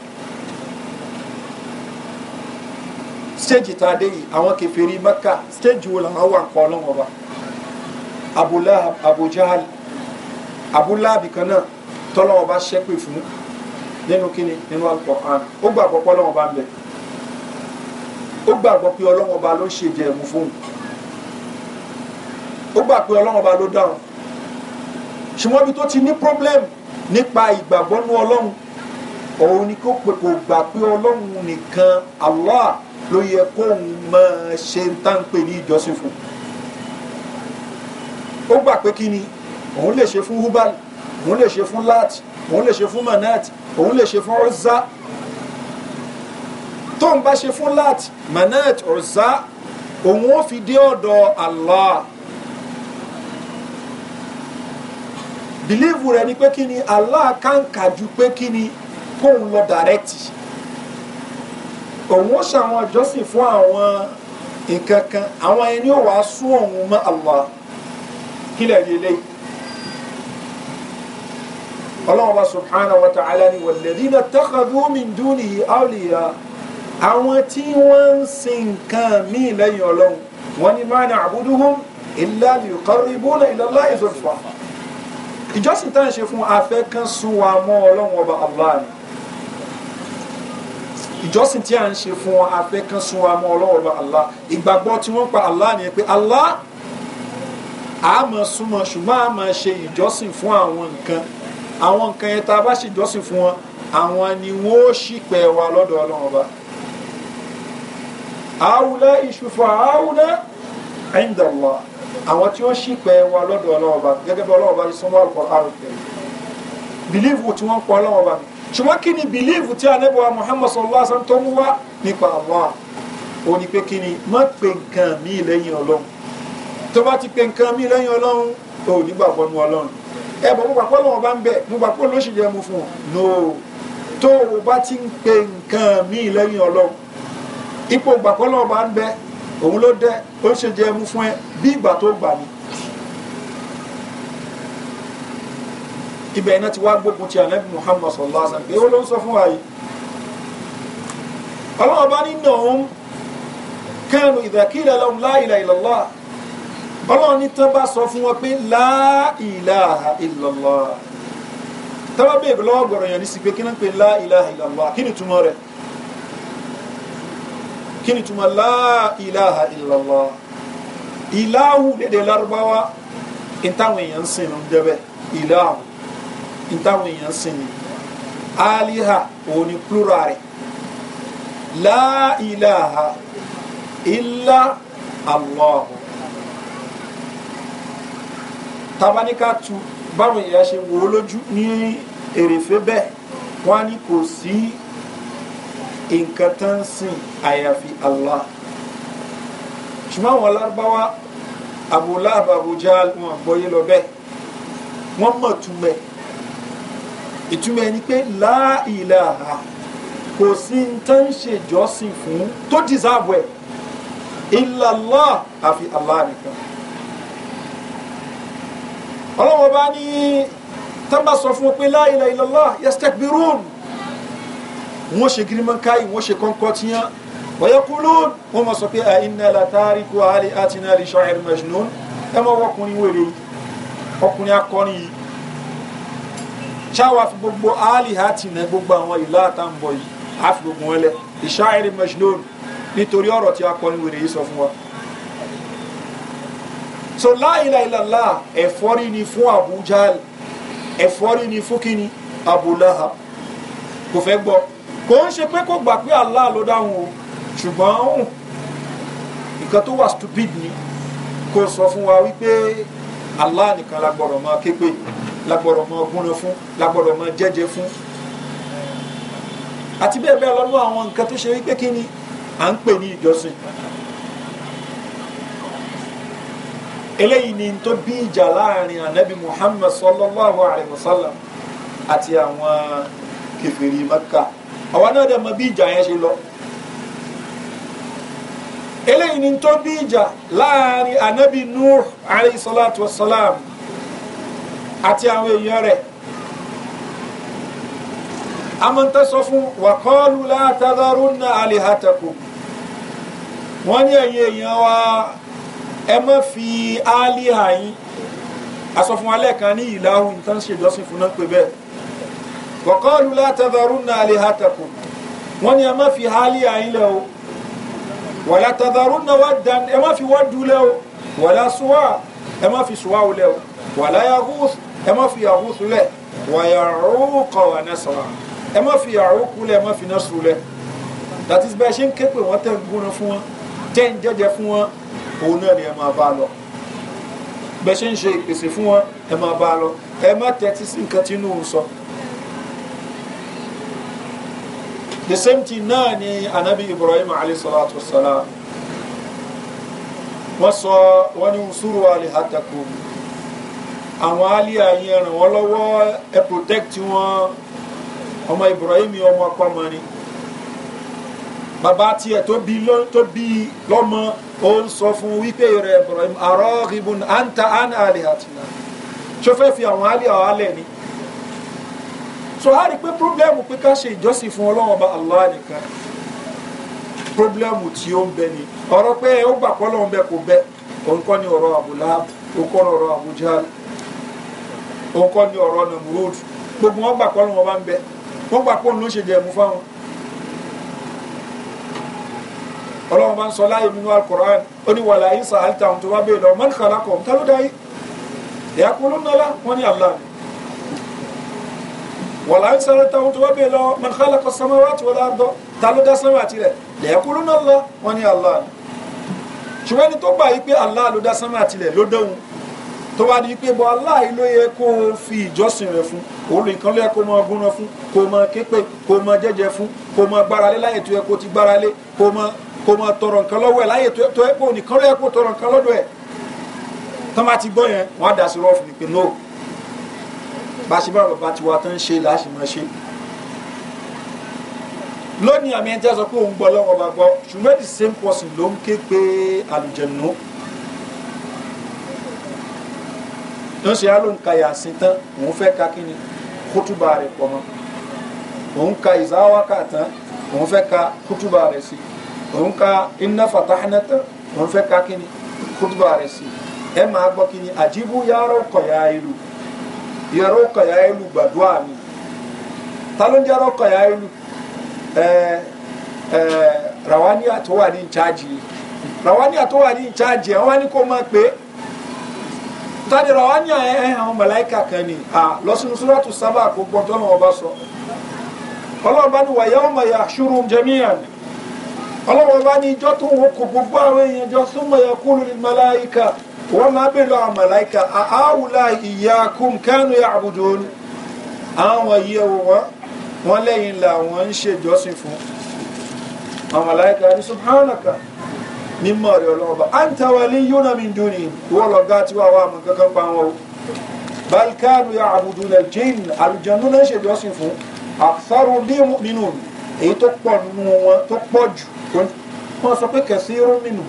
stage tá a dé yìí àwọn kèfèrí Mẹ́kà stage wo làwọn wà nǹkan ọlọ́run ọba Abu Lahab Abu Jahl Abu ba kan náà tọ́lọ́wọ́n bá ṣẹ́pè fún nínú kíni nínú Al-Qur'an ó gbàgbọ́ pé ọlọ́run ọba ń bẹ ó gbàgbọ́ pé ọlọ́run ọba ló ṣe jẹ ẹ̀mú fóun ó gbà pé ọlọ́run ọba ló dáhùn ṣùgbọ́n ibi tó ti ní problem nípa ìgbàgbọ́ nú ọlọ́run òun ni kó pè kò gbà pé ọlọ́run nìkan Allah ló yẹ kóun máa ṣe tá ń pè ní ìjọsìn fún ó gbà pé kí ni òun lè ṣe fún hubal òun lè ṣe fún lat òun lè ṣe fún manat òun lè ṣe fún ọ̀zá tóun bá ṣe fún lat manat ọ̀zá òun ó fi dé ọ̀dọ̀ Allah bìlíìfù rẹ̀ ni pé kí ni Allah kàǹkà ju pé kí ni kóun lọ dàrẹ́tì tọ̀hún ó ṣe àwọn ìjọsìn fún àwọn nǹkan kan àwọn ẹni ò wá sún òun mọ́ Allah kílẹ̀ líle ọlọ́run bá subhanahu wa ta'ala ni walladhina takhadhu min dunihi awliya àwọn tí wọ́n ń sin nǹkan míì lẹ́yìn ọlọ́run wọ́n ní máa na'buduhum illa liyuqarribuna ila Allahi zulfa ìjọsìn tá ń ṣe fún afẹ́ kan sún wa mọ́ ọlọ́run ọba Allah ni ìjọsìn tí a ń ṣe fún wọn afẹ́ kan sún wa mọ́ ọlọ́wọ́ bá Allah ìgbàgbọ́ tí wọ́n pa Allah nìyẹn pé Allah a máa súnmọ́ ṣùgbọ́n a máa ṣe ìjọsìn fún àwọn nǹkan àwọn nǹkan yẹn tá a bá ṣe ìjọsìn fún wọn àwọn ni wọ́n ó ṣìpẹ̀ wa lọ́dọ̀ ọlọ́wọ́ bá. àwùlá ìṣùfọ̀ àwùlá inda Allah àwọn tí wọ́n ṣìpẹ̀ wa lọ́dọ̀ ọlọ́wọ́ bá gẹ́gẹ́ bí ọlọ́wọ́ bá ṣe sọ́mọ́ àlùkò àrùn ṣùgbọ́n kí ni bìlíìfù tí ànábì wa Muhammad sallallahu alaihi wasallam tó mú wá nípa Allah ó ní pé kí ni má pe nǹkan míì lẹ́yìn ọlọ́run tó bá ti pe nǹkan míì lẹ́yìn ọlọ́run ò ní gbàgbọ́ nu ọlọ́run ẹ bọ̀ mo gbàgbọ́ lọ́wọ́ bá ń bẹ̀ mo gbàgbọ́ ló sì yẹ mu fún un no tó o bá ti ń pe nǹkan míì lẹ́yìn ọlọ́run ipò gbàgbọ́ lọ́wọ́ bá ń bẹ òun ló dẹ ó ṣe jẹ mu fún ẹ bí ìgbà tó gbà ni ibẹ̀ náà ti wá gbógun ti anabi muhammad sallallahu alaihi wa sallam pé ó ló ń sọ fún wa yìí ọlọ́run ọba nínú òun kanu idha qila lahum la ilaha illallah ọlọ́run ní tán bá sọ fún wọn pé la ilaha illallah tọ́wọ́ bèèrè lọ́wọ́ gbọ̀rọ̀ yẹn ní sí pé kí náà pé la ilaha kí ni túmọ̀ rẹ̀ kí ni túmọ̀ la ilaha illallah ìlàhù lédè lárúbáwá ìtàwọn èèyàn ń sìn ń dẹ́bẹ̀ ìlàhù ní táwọn èèyàn sìn ní aliha òun ni plural la ilaha illa allah tabaníkà tu báwọn èèyàn ṣe wò ó lójú ní èrèfé bẹ́ẹ̀ wọ́n á kò sí nǹkan tó ń àyàfi allah ṣùgbọ́n àwọn alárúbáwá Abu Lahab Abu Jahl wọn gbọ́yé lọ bẹ́ẹ̀ wọ́n mọ̀ túmẹ̀ ìtumọ̀ ẹni pé láìláha kò sí ń tán ṣèjọ́sìn fún tó dìsáàbù ẹ̀ ìlàlá àfi Allah nìkan ọlọ́wọ́ bá ní tán bá sọ fún pé láìlá ìlàlá yastakbirun wọ́n ṣe gírímọ̀ káyì wọ́n ṣe kọ́ńkọ́ tiyan wọ́yẹ́kúlùn wọ́n mọ̀ sọ pé àìnà látàríkù àlè àti náà lè ṣọ́ ẹ̀rọ mẹ́jìnnún ẹ mọ́ ọkùnrin wèrè ọkùnrin akọrin yìí ṣáwa fi gbogbo aliha ti nà gbogbo àwọn ìlú àtàǹbọ̀ yìí a fi gbogbo wọn lẹ ìṣáìrì majnun nítorí ọ̀rọ̀ tí akọni wèrè yìí sọ fún wa. so la ilaha illallah ẹ̀fọ́rí ni fún Abu Jahl ẹ̀fọ́rí ni fún kíni Abu Lahab kò fẹ́ gbọ́ kò ń ṣe pé kò gbà pé Allah ló dáhùn o ṣùgbọ́n nǹkan tó wà stupid ni kò sọ fún wa wípé Allah nìkan la máa ké pé lagbọ́dọ̀ mọ gúnran fún lagbọ́dọ̀ mọ jẹ́jẹ́ fún àti bẹ́ẹ̀ bẹ́ẹ̀ lọ́nà àwọn nǹkan tó ṣe wípé kí ni à ń pè ní ìjọsìn eléyìí ni tó bí ìjà láàrin anabi muhammad sallallahu alayhi wa sallam àti àwọn kèfèrí maka àwa náà dẹ̀ mọ bí ìjà yẹn ṣe lọ eléyìí ni tó bí ìjà láàrin anabi nuh alayhi salatu wa salam àti àwọn èèyàn rẹ̀ amọ̀ntẹ́ sọ fún wàkọ́ọ̀lù látàdọ́rùn náà àlèhàtẹ̀kù wọ́n ní ẹ̀yin èèyàn wa ẹ má fi àlìhà yín asọ fún alẹ́ kan ní ìlàhùn nǹkan ṣèjọsìn fún náà pé bẹ́ẹ̀ wàkọ́ọ̀lù látàdọ́rùn náà àlèhàtẹ̀kù wọ́n ní ẹ má fi àlìhà yín lẹ̀ o wàlá tàdọ́rùn náà wà dán ẹ má fi wọ́n dúlẹ̀ o wàlá suwa ẹ má fi suwa o lẹ̀ o wàlá yaghus ẹ má fi Yahud lẹ̀ wàyàrúkọ wà Nasara ẹ má fi Yahud lẹ̀ ẹ má fi Nasru lẹ̀ that is bẹ́ẹ̀ ṣe ń ké pé wọ́n tẹ̀ ń gbóná fún wọn jẹ́ ń jẹ́jẹ́ fún wọn òun náà ni ẹ máa bá a lọ bẹ́ẹ̀ ṣe ń ṣe ìpèsè fún wọn ẹ máa bá a lọ ẹ má tẹ́tí sí nǹkan tí inú ń sọ. the same thing náà ni anabi ibrahim alayhi salatu wassalam wọ́n sọ wọ́n ní usuru wa àwọn alia yẹn ràn wọ́n lọ́wọ́ ẹ protect wọn ọmọ Ibrahim ọmọ ọpọmọ ni bàbá tiẹ̀ tó bí tó bí lọ́mọ ó ń sọ fún wípé rẹ̀ Ibrahim araghibun anta an alihatina ṣó fẹ́ fi àwọn alia wa lẹ̀ ni so a rí i pé pírọ́blẹ́mù pé ká ṣe ìjọsìn fún ọlọ́run ọba Allah nìkan pírọ́blẹ́mù tí ó ń bẹ ni ọ̀rọ̀ pé ó gbà pọ́ lọ́wọ́ bẹ kò bẹ òun kọ́ ni ọ̀rọ̀ Abu Lahab òun kọ́ ni ọ̀rọ̀ Abu Jahl òun kọ́ ni ọ̀rọ̀ Namurud gbogbo wọn gbà pọ́n wọn bá ń bẹ wọn gbà pọ́n ló ń ṣe jẹ̀mú fáwọn. ọlọ́run bá ń sọ láàyè nínú Al-Qur'an ó ní wàlá isa alitaun tó bá bèèrè lọ man khalaqahum ta ló dá yìí ìyá kúló ńlá wọn ní Allah wàlá isa alitaun tó bá bèèrè lọ man khalaqa samawati wal arda ta ló dá sánmà àti ilẹ̀ ìyá kúló ńlá wọn ní Allah ṣùgbọ́n ẹni tó gbà yí pé Allah ló dá sánmà àti ilẹ̀ ló dẹ́hùn tó bá di pé bọ aláì ló yẹ kó o fi ìjọsìn rẹ fún òun nìkan ló yẹ kó o mọ gúnran fún kó o mọ képe kó o mọ jẹjẹ fún kó o mọ gbáralé láyè tó yẹ kó o ti gbáralé kó o mọ kó o mọ tọrọ nǹkan lọ́wọ́ ẹ láyè tó yẹ kó o nìkan ló kó o tọrọ nǹkan lọ́dọ̀ ẹ tán bá ti gbọ́ yẹn wọ́n á dà sí rọ́ọ̀fù ni pé no bá a ṣe bá bàbá tiwa tó ń ṣe là á ṣe máa ṣe lónìí àmì ẹni tí a sọ pé òun gbọ́ lọ́wọ́ ń ṣe alóhùn ka yàsìn tán òun fẹ́ ka kíni kútùbà rẹ̀ pọ̀ mọ́ òun ka ìzáwákà tán òun fẹ́ ka kútùbà rẹ̀ sí òun ka iná fatahana tán òun fẹ́ ka kíni kútùbà rẹ̀ sí ẹ máa gbọ́ kíni àjíbú yàrá kọ̀yà ìlú yàrá kọ̀yà mi ta ló ń yàrá kọ̀yà rawani àtọwà ní ìcháàjì rawani àtọwà ní ìcháàjì àwọn wá ní kó máa tádìrà wá ní àyẹ̀hẹ́ àwọn màláìkà kan ni lọ sínú súrátù sábà kó gbọ́n tó lọ́wọ́ bá sọ ọlọ́run bá ní wa yawma yahshuruhum jami'an ọlọ́run bá ní ìjọ tó ń kó gbogbo àwọn èèyàn jọ summa yaqulu lil màláìkà wọ́n máa bè lọ àwọn màláìkà àáwùlà iyyakum kanu ya'budun àwọn yìí ẹ̀wọ̀ wọn wọn lẹ́yìn làwọn ń ṣèjọsìn fún àwọn màláìkà ní subhanaka mímọ́ rẹ̀ ọlọ́run bá anta waliyuna min duni wọ́n lọ gá tí wàá wà mú kankan pa wọn o balkanu ya'buduna al-jinn àlùjànnú náà ṣe jọ́sìn fún aktharu minhum èyí tó pọ̀ nínú wọn tó pọ̀ jù wọ́n sọ pé kathirun minhum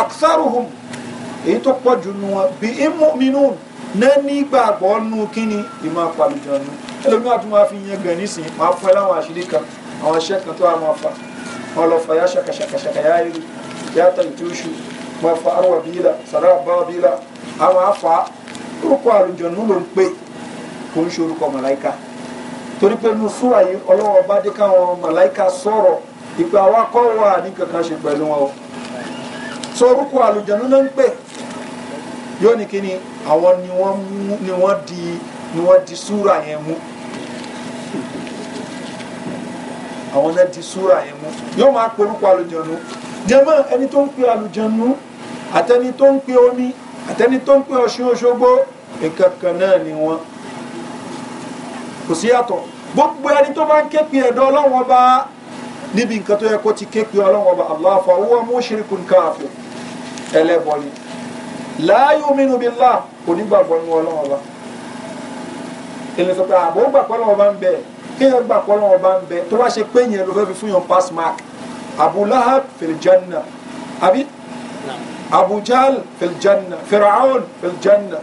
aktharuhum èyí tó pọ̀ jù nínú wọn bí mu'minun náà nígbàgbọ́ nù kíni ìmọ̀ àpàlùjànnú ẹlòmíràn máa fi yan gàn nísìnyí máa fọ́ láwọn àṣírí kan àwọn iṣẹ́ kan tó wà máa fà wọn lọ fà yá ṣakaṣakaṣaka yá yìí yá tàntúṣu wọn fà arwa bíla sàrà bá bíla àwọn afa orúkọ àlùjọ̀nù ló ń pè kò ń ṣe orúkọ màláìka torí pé inú súra yìí ọlọ́wọ́ bá dé káwọn màláìka sọ̀rọ̀ ìpè àwa kọ́ wà ní kankan ṣe pẹ̀lú wọn so orúkọ àlùjọ̀nù ló ń pè yóò ní kí ni àwọn ni wọ́n di sura yẹn mú. àwọn náà ti súra yẹn mú yóò máa porúkọ àlùjọ̀nù jẹ́mọ́ ẹni tó ń pe àlùjọ̀nù àtẹni tó ń pe omi àtẹni tó ń pe Ọ̀ṣun Òṣogbo nǹkan náà ni wọ́n kò sí yàtọ̀ gbogbo ẹni tó bá ń ké pe ẹ̀dọ́ Ọlọ́run Ọba níbi nǹkan tó yẹ kó ti ké pe Ọlọ́run Ọba Allah fa huwa mushrikun kafir ẹlẹ́bọ ni la yu'minu billah onígbàgbọ́ ní Ọlọ́run Ọba èlé sọ pé àbò ah, gbàpọ́lọ́ ọba ń bẹ kéèyàn gbàpọ́lọ́ ọba ń bẹ tó bá ṣe pé yẹn ló fẹ́ fi fún yàn pass mark Abu Lahab fil janna àbí Abu Jahl fil janna Fir'aun fil janna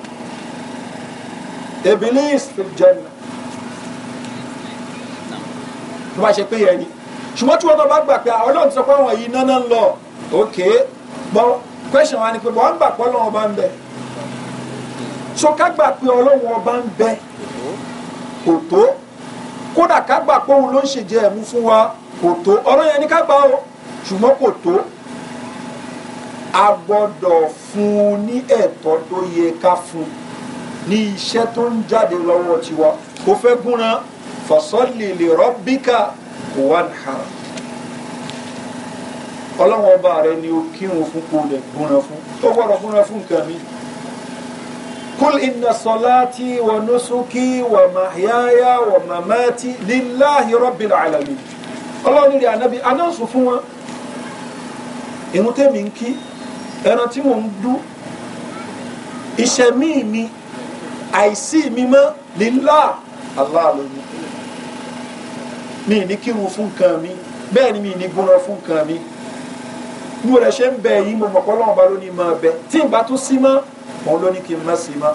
Iblis fil janna tó bá ṣe pé yẹn ni ṣùgbọ́n tí wọ́n bá gbà pé ah, ọlọ́run ti sọ pé àwọn yìí náná ń lọ òkè bọ́ question wa ni pé bọ́ wọ́n gbà pé ọlọ́run ọba ń bẹ so ká gbà pé ọlọ́run ọba ń bẹ kò tó kódà ká gbà pé òun ló ń ṣèjẹ ẹ̀mú fún wa kò tó ọ̀rọ̀ yẹn ni ká gbà o ṣùgbọ́n kò tó a gbọ́dọ̀ fún un ní ẹ̀tọ́ tó yẹ ká fún un ní iṣẹ́ tó ń jáde lọ́wọ́ tiwa kò fẹ́ gúnran fasalli li rabbika wanhar ọlọ́wọ́n ọba rẹ ni ó kírun fún kó lè gúnran fún ó gbọ́dọ̀ gúnran fún nǹkan mìíràn. قل إن صلاتي ونسكي ومحياي ومماتي لله رب العالمين Ọlọ́run ní rí ànábì anáàsù fún wọn ìrun tèmi ń kí ẹran tí mò ń dú ìṣẹ̀mí mi àìsí mi mọ́ lílá aláàlú ni mi ní kírun fún nǹkan mi bẹ́ẹ̀ ni mi ní gbóná fún nǹkan mi bí mo rẹ̀ ṣe ń bẹ yìí mo mọ̀ pé Ọlọ́run bá ló ní máa bẹ tí ìgbà tó sí mọ́ òun ló ní kí n má sí ma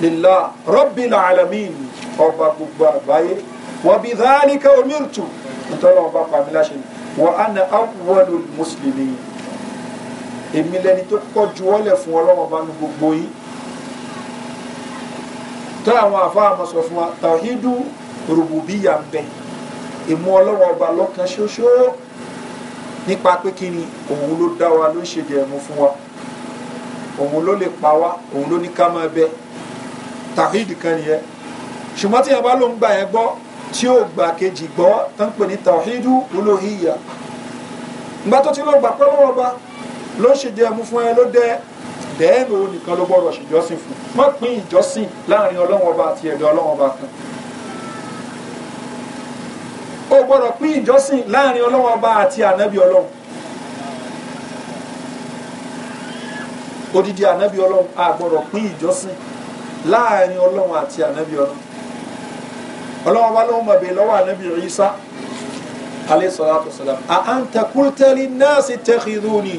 lila rabbil alamin ọba gbogbo àgbáyé wa bi dhalika umirtu nítorí ọba pàmí láṣẹ wa ana awwalul muslimin èmi lẹni tó kọ́ juwọ́lẹ̀ fún ọlọ́wọ́n bá nu gbogbo yìí tó àwọn àfáà mọ̀ fún wa tàwídù rùbùbíyà ń bẹ ìmú ọlọ́wọ́ ọba ṣoṣo nípa pé kí ni òun ló dá wa ló ń ṣe jẹ̀mú fún wa òun ló lè pa wá òun ló ní ká máa bẹ tawhid kan nìyẹn ṣùgbọ́n tí yẹn bá ló ń gbà yẹn gbọ́ tí ó gbà kejì gbọ́ tó ń pè ní tawhidu olóhìyà ìgbà tó ti lọ gbà pẹ́lú ọba ló ṣe jẹ mú fún ẹ ló dẹ dẹ́ẹ̀nù nìkan ló gbọ́dọ̀ ṣèjọ́sìn fún má pín ìjọ́sìn láàrin ọlọ́wọ́n ọba àti ẹ̀dọ́ ọlọ́wọ́n ọba kan ó gbọ́dọ̀ pín ìjọ́sìn láàrin ọlọ́wọ́n ọba àti ànábì ọlọ́wọ́n odidi ànábì ọlọ́run a gbọ́dọ̀ pín ìjọsìn láàrin ọlọ́run àti ànábì ọlọ́run ọlọ́run bá lọ́wọ́ mọ̀bẹ́ lọ́wọ́ ànábì Ìsá alayhi salatu wassalam a anta qulta linnasi takhiduni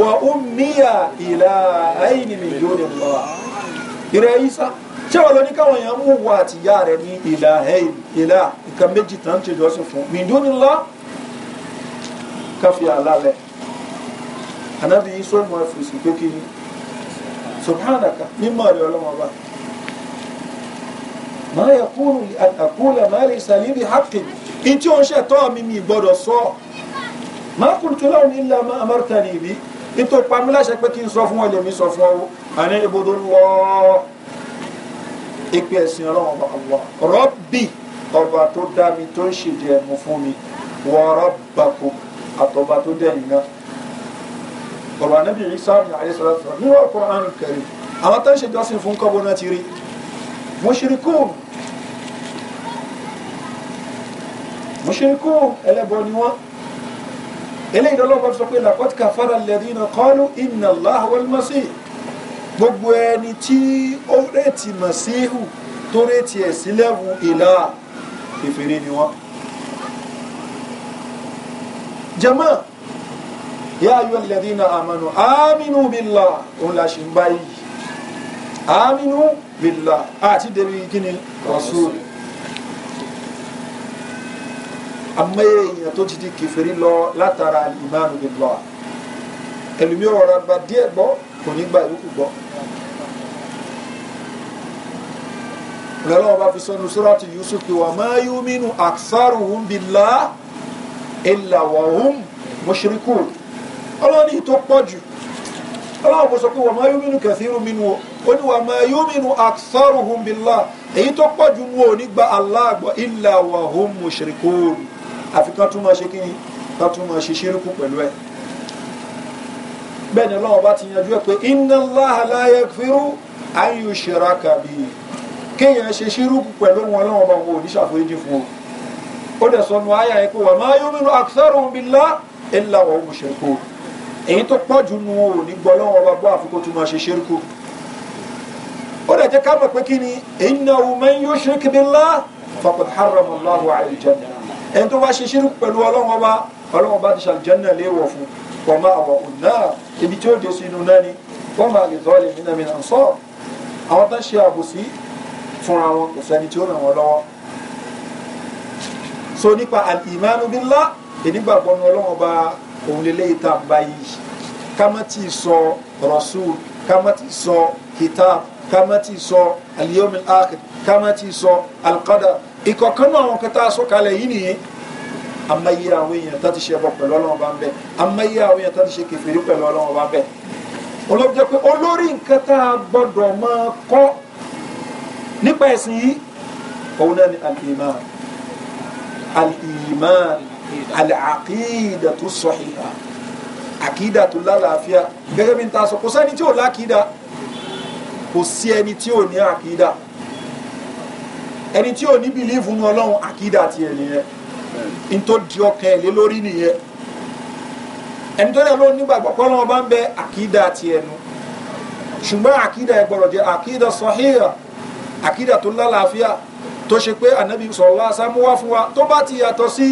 wa ummiya ilahayni min dunillah ìrẹ̀ Ìsá ṣé wọ́n lọ ní káwọn èèyàn mú wọ àtìyá rẹ̀ ní ilahayn ìlà nǹkan méjì tán ń ṣèjọ́sìn fún min dunillah káfíà lálẹ́ anabi israel máa fèsì pé kí subhanaka mímọ́ rẹ̀ ọlọ́mọ bá máa yẹ kúrò àkúlà máa lè sàlẹ̀ bí hapi ìtí òun ṣètọ́ mi mi gbọ́dọ̀ sọ máa kùtù láwọn ilé àmọ́ amárítà ní ibi ètò ìpamọ́ láṣẹ pé kí n sọ fún ọ lèmi sọ fún ọ àní ibodò lọ ìpè ẹ̀sìn ọlọ́run ọba rọ́bì ọba tó dá mi tó ń ṣèjẹ́ ẹ̀mú fún mi wọ́n rọ́bà kù àtọ́ba tó dẹ̀yìn náà ọ̀rọ̀ anábì Isa ní àyẹ́sọ̀rọ̀ nínú Al-Qur'an Karim àwọn tó ń ṣe jọ́sìn fún kọ́bọ̀ náà ti rí mushrikun mushrikun ẹlẹ́bọ ni wọ́n eléyìí lọ́lọ́wọ́ sọ pé laqad kafara alladhina qalu inna Allaha wal-Masih gbogbo ẹni tí ó rètí màsíhù tó rètí ẹ̀ sí lẹ́wù ìlà kèfèrí ni wọ́n jàmáà yá ayọ́ alladhina amanu aminu billah òun la ṣe ń bá yìí aminu billah àti débi kíni rasul àmọ́ èèyàn tó ti di kèfèrí lọ látara ìmánu billah ẹlòmí ọ̀rọ̀ gba díẹ̀ gbọ́ kò ní gba ìlú gbọ́ lọ́lọ́wọ́ bá fi sọ́nu surati Yusuf wa ma yuminu aksaruhum billah illa wa hum mushrikun ọlọ́ni tó pọ̀ jù ọlọ́run bó sọ pé wàá máa yóò mínú kathiru minhum ó ní wàá máa yóò mínú aktharuhum billah èyí tó pọ̀ jù wọn ò ní gba Allah gbọ́ illa wa hum mushrikun àfi kan tún máa ṣe kí ni kan tún máa ṣe ṣírìkù pẹ̀lú ẹ̀ bẹ́ẹ̀ ni ọlọ́run bá ti yanjú ẹ̀ pé inna Allaha la yaghfiru an yushraka bihi kéèyàn ṣe ṣírùkù pẹ̀lú wọn lọ́wọ́ bá wọn ò ní ṣàforíjì fún wọn ó dẹ̀ sọnù èyí tó pọ̀ jù nu ò ní gbọ́ lọ́wọ́ ọba bọ́ àfikún tó máa ṣe ṣírkù ó dẹ̀ jẹ́ ká mọ̀ pé kí ni innahu man yushrik billah faqad harrama Allahu alayhi al-janna ẹni tó bá ṣe ṣírkù pẹ̀lú ọlọ́wọ́ ọba ọlọ́wọ́ ọba ti ṣe al-janna léèwọ̀ fún wa ma'wahu an-nar ibi tí ó dé sí inú náà ni wa ma lizzalimina min ansar àwọn tó ń ṣe àbòsí fúnra wọn kò sẹ́ni tí ó ràn wọ́n lọ́wọ́ so nípa al-imanu billah ìnígbàgbọ́nu ọlọ́wọ́ ọba òun lélẹ́yìí tá a bá yìí ká má ti sọ rasul ká má ti sọ kitab ká má ti sọ aliyom al-akhir ká má ti sọ al-qadar ìkọ̀kan náà àwọn kẹta sọ kalẹ̀ yìí nìyẹn amáyé àwọn èèyàn tá ti ṣe ẹbọ pẹ̀lú Ọlọ́run bá ń bẹ amáyé àwọn èèyàn tá ti ṣe kẹfìrí pẹ̀lú Ọlọ́run bá ń bẹ olóòjẹ́ pé olórí nǹkan tá a gbọ́dọ̀ máa kọ́ nípa àlàkìdà tó sọ̀hìhà àkìdà tó lálàáfíà gẹ́gẹ́ bí n ta sọ kò sẹ́ni tí ò lákìdà kò sí ẹni tí ò ní àkìdà ẹni tí ò ní bìlíìfù ní ọlọ́run àkìdà tiẹ̀ nìyẹn n tó di ọkàn ẹ̀ lé lórí nìyẹn ẹni tó yẹ ló nígbàgbọ́ pọ́nlọ́n ọba ń bẹ àkìdà tiẹ̀ nu ṣùgbọ́n àkìdà ẹ̀ gbọ́dọ̀ jẹ́ àkìdà sọ̀hìhà àkìdà tó lálàáfíà tó ṣe pé ànábì sọ̀rọ̀ lásán fún wa tó bá ti yàtọ̀ sí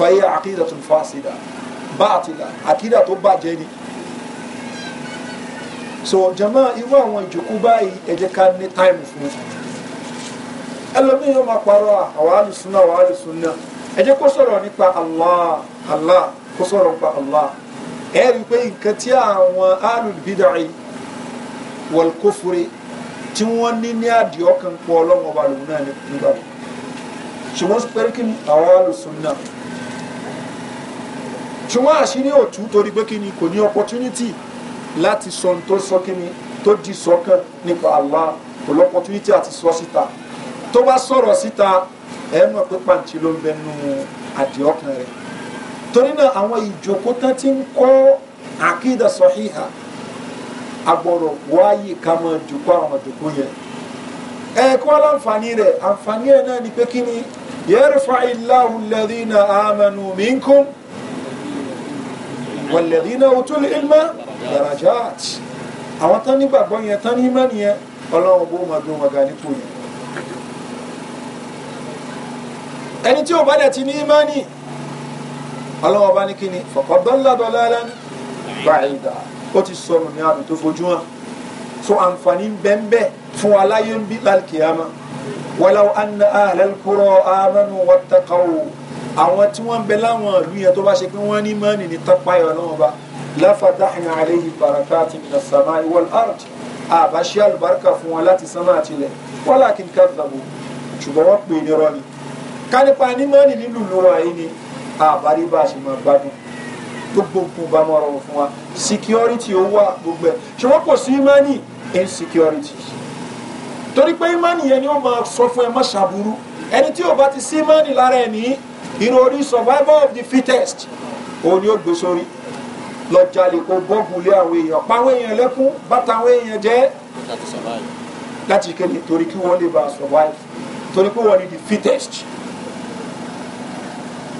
fàyè àkìdà tó fásidà bá àtìlà àkìdà tó bàjẹ́ ni so jama irú àwọn ìjòkó báyìí ẹ jẹ́ ká ní táìmù fún un ẹlòmíín yóò máa parọ́ àwọn alùsùnà àwọn alùsùnà ẹ jẹ́ kó sọ̀rọ̀ nípa Allah Allah kó sọ̀rọ̀ nípa Allah ẹ rí i pé nǹkan tí àwọn alùbídàí wọlkófure tí wọ́n ní ní àdìọ́kàn pọ̀ ọlọ́wọ́n ọba náà nígbà wọn ṣùgbọ́n pẹ́rẹ́kì àwọn alùsùnà ṣùgbọ́n àṣírí òtún torí pé kí ni kò ní opportunity láti sọ tó sọ kí ni tó di sọkàn nípa Allah kò ní opportunity àti sọ síta tó bá sọ̀rọ̀ síta ẹ mọ̀ pé pàǹtí ló ń bẹnu àdìọ́kàn rẹ̀ torí náà àwọn ìjókòó tán ti ń kọ́ àkídà sọ̀híhà agbọ́dọ̀ wáyé ká máa dùkọ́ àwọn dùkú yẹn ẹ̀kọ́ aláǹfààní rẹ̀ àǹfààní ẹ̀ náà ni pé kí ni yarfa illahu alladhina amanu minkum walladhina utul ilma darajat àwọn tán nígbàgbọ́ yẹn tán ní ìmọ̀ nìyẹn ọlọ́run bó máa gbé wọn ga nípò yẹn ẹni tí ó bá dẹ̀ ti ní ìmánì ọlọ́wọ́ bá ní kí ni fọ̀kọ̀dọ́ládọ́lá lẹ́nu báyìí ó ti sọ̀rọ̀ ní àmì tó fojú hàn so àǹfààní ń fún aláyé ń bí lálkìyàmá walaw anna ahlal qura amanu wattaqaw àwọn tí wọ́n ń bẹ láwọn ìlú yẹn tó bá ṣe pé wọ́n ní mọ́ọ̀nì ní tápáyọ̀ ọlọ́run ọba láfàdáhìnà àlẹ́yìn bàràkàtì minas samai wal ard àbáṣe àlùbáríkà fún wọn láti sánmà àtìlẹ̀ walakin kadhabu ṣùgbọ́n wọ́n pè ní rọ́ọ̀nì ká nípa ní mọ́ọ̀nì nílùú lóra yìí ni àbárí bá ṣe máa gbádùn gbogbo bá mọ́ ọ̀rọ̀ fún wa security ó gbogbo ẹ̀ ṣùgbọ́n kò sí imani insecurity torí pé imani yẹn ni ó máa sọ fún ẹ má ẹni tí ò bá ti sí imani lára ẹ̀ nìyí ìròrí survival of the fittest òun ni ó gbé sórí lọ jalè kó bọ́ọ̀gù lé àwọn èèyàn páwọn èèyàn lẹ́kún bàtà àwọn èèyàn jẹ́ láti kéde torí kí wọ́n lè bá survive torí pé wọ́n ni the fittest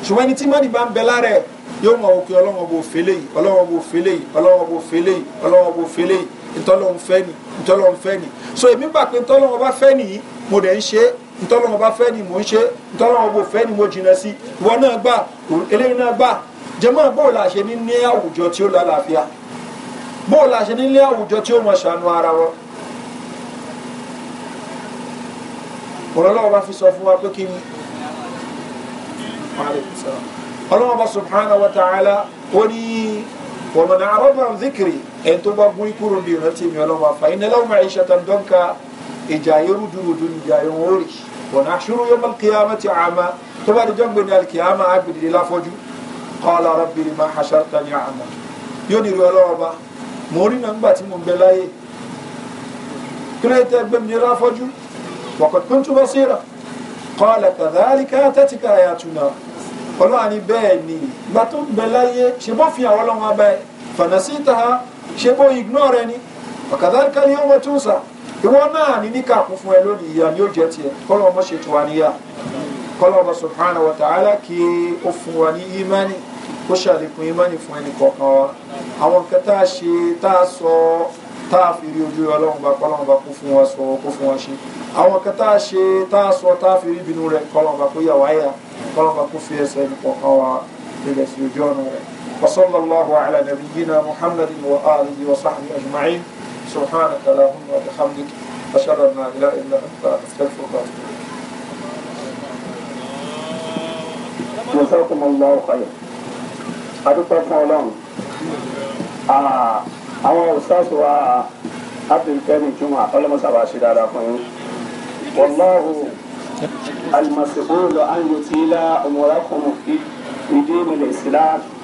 ṣùgbọ́n ẹni tí mọ́ni bá ń bẹ lára ẹ̀ yóò mọ̀ òkè ọlọ́wọ́n bò fẹ́lẹ̀ yìí ọlọ́wọ́n bò fẹ́lẹ̀ yìí ọlọ́wọ́n bò fẹ́lẹ̀ yìí ọlọ́wọ́n bò fẹ́lẹ̀ yìí ntọ́lọ́wọ́n fẹ́ ni ntọ́lọ́wọ́n fẹ́ ni so èmi gbà pé ntọ́lọ́wọ́n bá fẹ́ nìyí mo dẹ̀ ń ṣe é ntọ́lọ́wọ́ bá fẹ́ ni mò ń ṣe ntọ́lọ́wọ́ bò fẹ́ ni mo jìnnà sí ìwọ náà gbà eléyìí náà gbà jẹ́mọ́ bóòlù àṣẹ ní ní àwùjọ tí ó lálàáfíà bóòlù àṣẹ ní ní àwùjọ tí ó mọ̀ ṣàánú ara wọn. ọlọ́wọ́ bá fi sọ fún wa pé kí n ọlọ́wọ́ bá subhanahu wa ta'ala ó ní wa man a'rada an dhikri ẹ̀ tó bá gún ikú ròbì ìrántí mi ọlọ́wọ́ fa inna lahu ma'ishatan ìjà yẹrù dúró ìjà yẹrù wọ́n rì. ونحشر يوم القيامة عما تبا رجنب من القيامة عبد الله فوجو قال ربي لما حشرتني عما يوني رولوما مورين أنباتي من بلاي كليت أبن الله فوجو وقد كنت بصيرا قال كذلك أتتك آياتنا ọlọ́wà ní bẹ́ẹ̀ ni ìgbà tó bẹ láyé ṣe bó fi àwọn ọlọ́wà bẹ́ẹ̀ fànàsí ìta ìwọ náà ní níkà kún fún ẹ lónìí ìyá ni ó jẹ tiẹ kọlọ ọmọ ṣètò wa níyà kọlọ ọmọ subhanahu wa ta'ala kí ó fún wa ní ìmánì ó ṣàlékún ìmánì fún ẹnì kọ̀ọ̀kan wa àwọn nǹkan tá a ṣe tá a sọ tá a fi rí ojú ọlọ́run bá kọ́lọ́run bá kó fún wa sọ kó fún wa ṣe àwọn nǹkan tá a ṣe tá a sọ tá a fi rí ìbínú rẹ kọ́lọ́run bá kó yà wáyà kọ́lọ́run bá kó fi ẹsẹ̀ ẹnì kọ̀ọ̀kan wa lè sí ojú ọ̀nà سبحانك اللهم وبحمدك أشهد أن لا إله إلا أنت أستغفرك جزاكم الله خير أدوك فولون آه، أما أستاذ هو عبد الكريم جمعة أولا ما سباشي دارا والله المسؤول عن يطيل أموركم في دين الإسلام